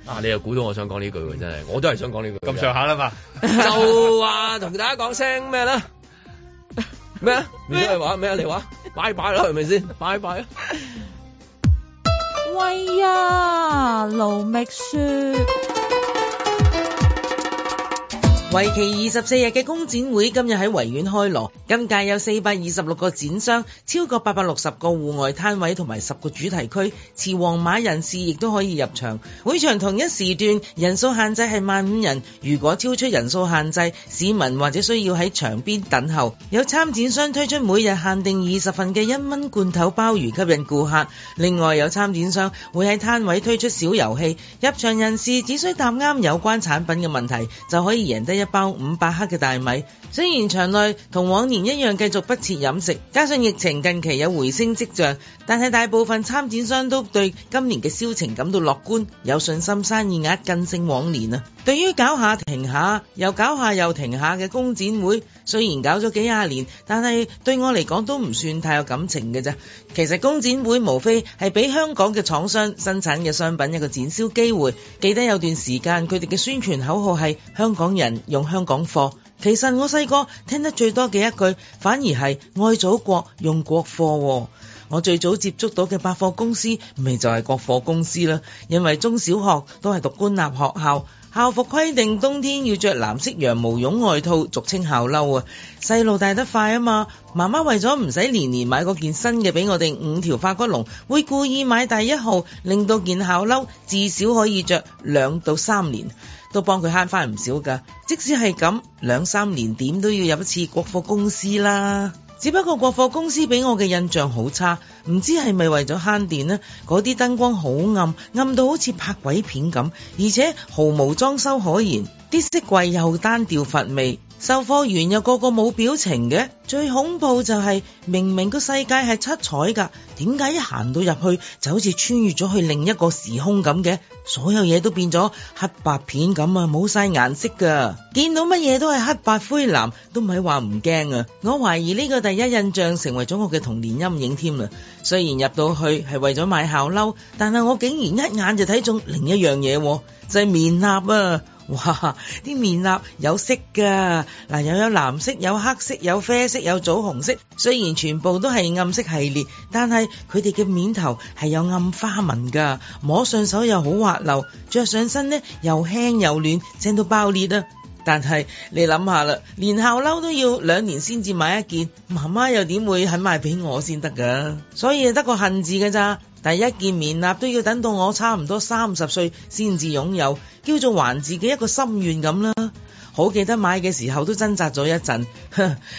啊， 你又估到我想講呢句喎，真係我都係想講呢句咁上下啦嘛， 就話同大家講聲咩啦？咩啊？ 你話咩啊？你話拜拜啦係咪先？拜拜啊 喂啊，盧覓雪。為期二十四日嘅工展會今日喺維園開鑼，今屆有四百二十六個展商，超過八百六十個戶外攤位同埋十個主題區。持黃碼人士亦都可以入場。會場同一時段人數限制係萬五人，如果超出人數限制，市民或者需要喺場邊等候。有參展商推出每日限定二十份嘅一蚊罐頭鮑魚吸引顧客。另外有參展商會喺攤位推出小遊戲，入場人士只需答啱有關產品嘅問題就可以贏得一。包五百克嘅大米。雖然場內同往年一樣，繼續不設飲食。加上疫情近期有回升跡象，但係大部分參展商都對今年嘅銷情感到樂觀，有信心生意額更勝往年啊！對於搞下停下又搞下又停下嘅工展會，雖然搞咗幾廿年，但係對我嚟講都唔算太有感情嘅啫。其實工展會無非係俾香港嘅廠商生產嘅商品一個展銷機會。記得有段時間佢哋嘅宣傳口號係香港人，用香港貨，其實我細個聽得最多嘅一句，反而係愛祖國用國貨喎。我最早接觸到嘅百貨公司，咪就係國貨公司啦。因為中小學都係讀官立學校，校服規定冬天要着藍色羊毛絨外套，俗稱校褸啊。細路大得快啊嘛，媽媽為咗唔使年年買嗰件新嘅俾我哋五條化骨龍，會故意買大一號，令到件校褸至少可以着兩到三年。都幫佢慳返唔少㗎，即使係咁，兩三年點都要有一次國貨公司啦。只不過國貨公司俾我嘅印象好差，唔知係咪為咗慳電呢？嗰啲燈光好暗，暗到好似拍鬼片咁，而且毫無裝修可言，啲色櫃又單調乏味。售貨員又個個冇表情嘅，最恐怖就係、是、明明個世界係七彩噶點解一行到入去就好似穿越咗去另一個時空咁嘅？所有嘢都變咗黑白片咁啊，冇晒顏色噶見到乜嘢都係黑白灰藍，都唔係話唔驚啊！我懷疑呢個第一印象成為咗我嘅童年陰影添啊。雖然入到去係為咗買校褸，但係我竟然一眼就睇中另一樣嘢，就係棉衲啊！哇！啲面粒有色㗎，嗱又有藍色、有黑色、有啡色、有棗紅色，色，色。雖然全部都係暗色系列，但係佢哋嘅面頭係有暗花紋㗎，摸上手又好滑溜，着上身呢又輕又暖，正到爆裂啊！但係你諗下啦，連校褸都要兩年先至買一件，媽媽又點會肯買俾我先得㗎？所以得個恨字㗎咋。第一件棉衲啦，都要等到我差唔多三十歲先至擁有，叫做還自己一個心願咁啦。好記得買嘅時候都掙扎咗一陣，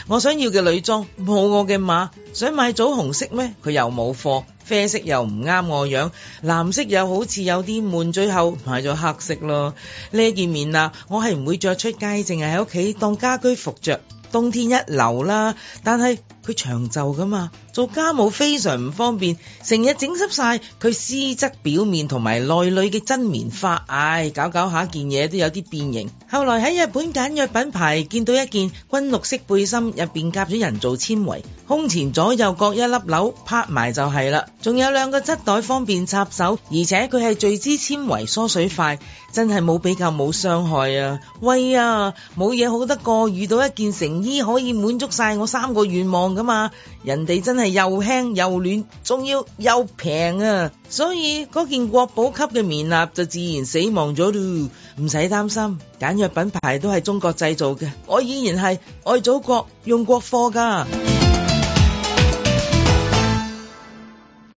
我想要嘅女裝冇我嘅碼，想買棗紅色咩？佢又冇貨，啡色又唔啱我樣，藍色又好似有啲悶，最後買咗黑色咯。呢件棉衲啊，我係唔會着出街，淨係喺屋企當家居服着，冬天一流啦。但係。佢長袖噶嘛，做家務非常唔方便，成日整濕晒佢絲質表面同埋內裏嘅真棉花，唉、哎，搞搞一下搞搞下件嘢都有啲變形。後來喺日本簡約品牌見到一件軍綠色背心，入邊夾咗人造纖維，胸前左右各一粒紐，拍埋就係啦。仲有兩個側袋方便插手，而且佢係聚酯纖維，疏水快，真係冇比較冇傷害啊！喂啊，冇嘢好得過，遇到一件成衣可以滿足晒我三個願望。嘛，人哋真係又輕又暖，仲要又平啊！所以嗰件國寶級嘅棉衲就自然死亡咗咯，唔使擔心。簡約品牌都係中國製造嘅，我依然係愛祖國，用國貨噶。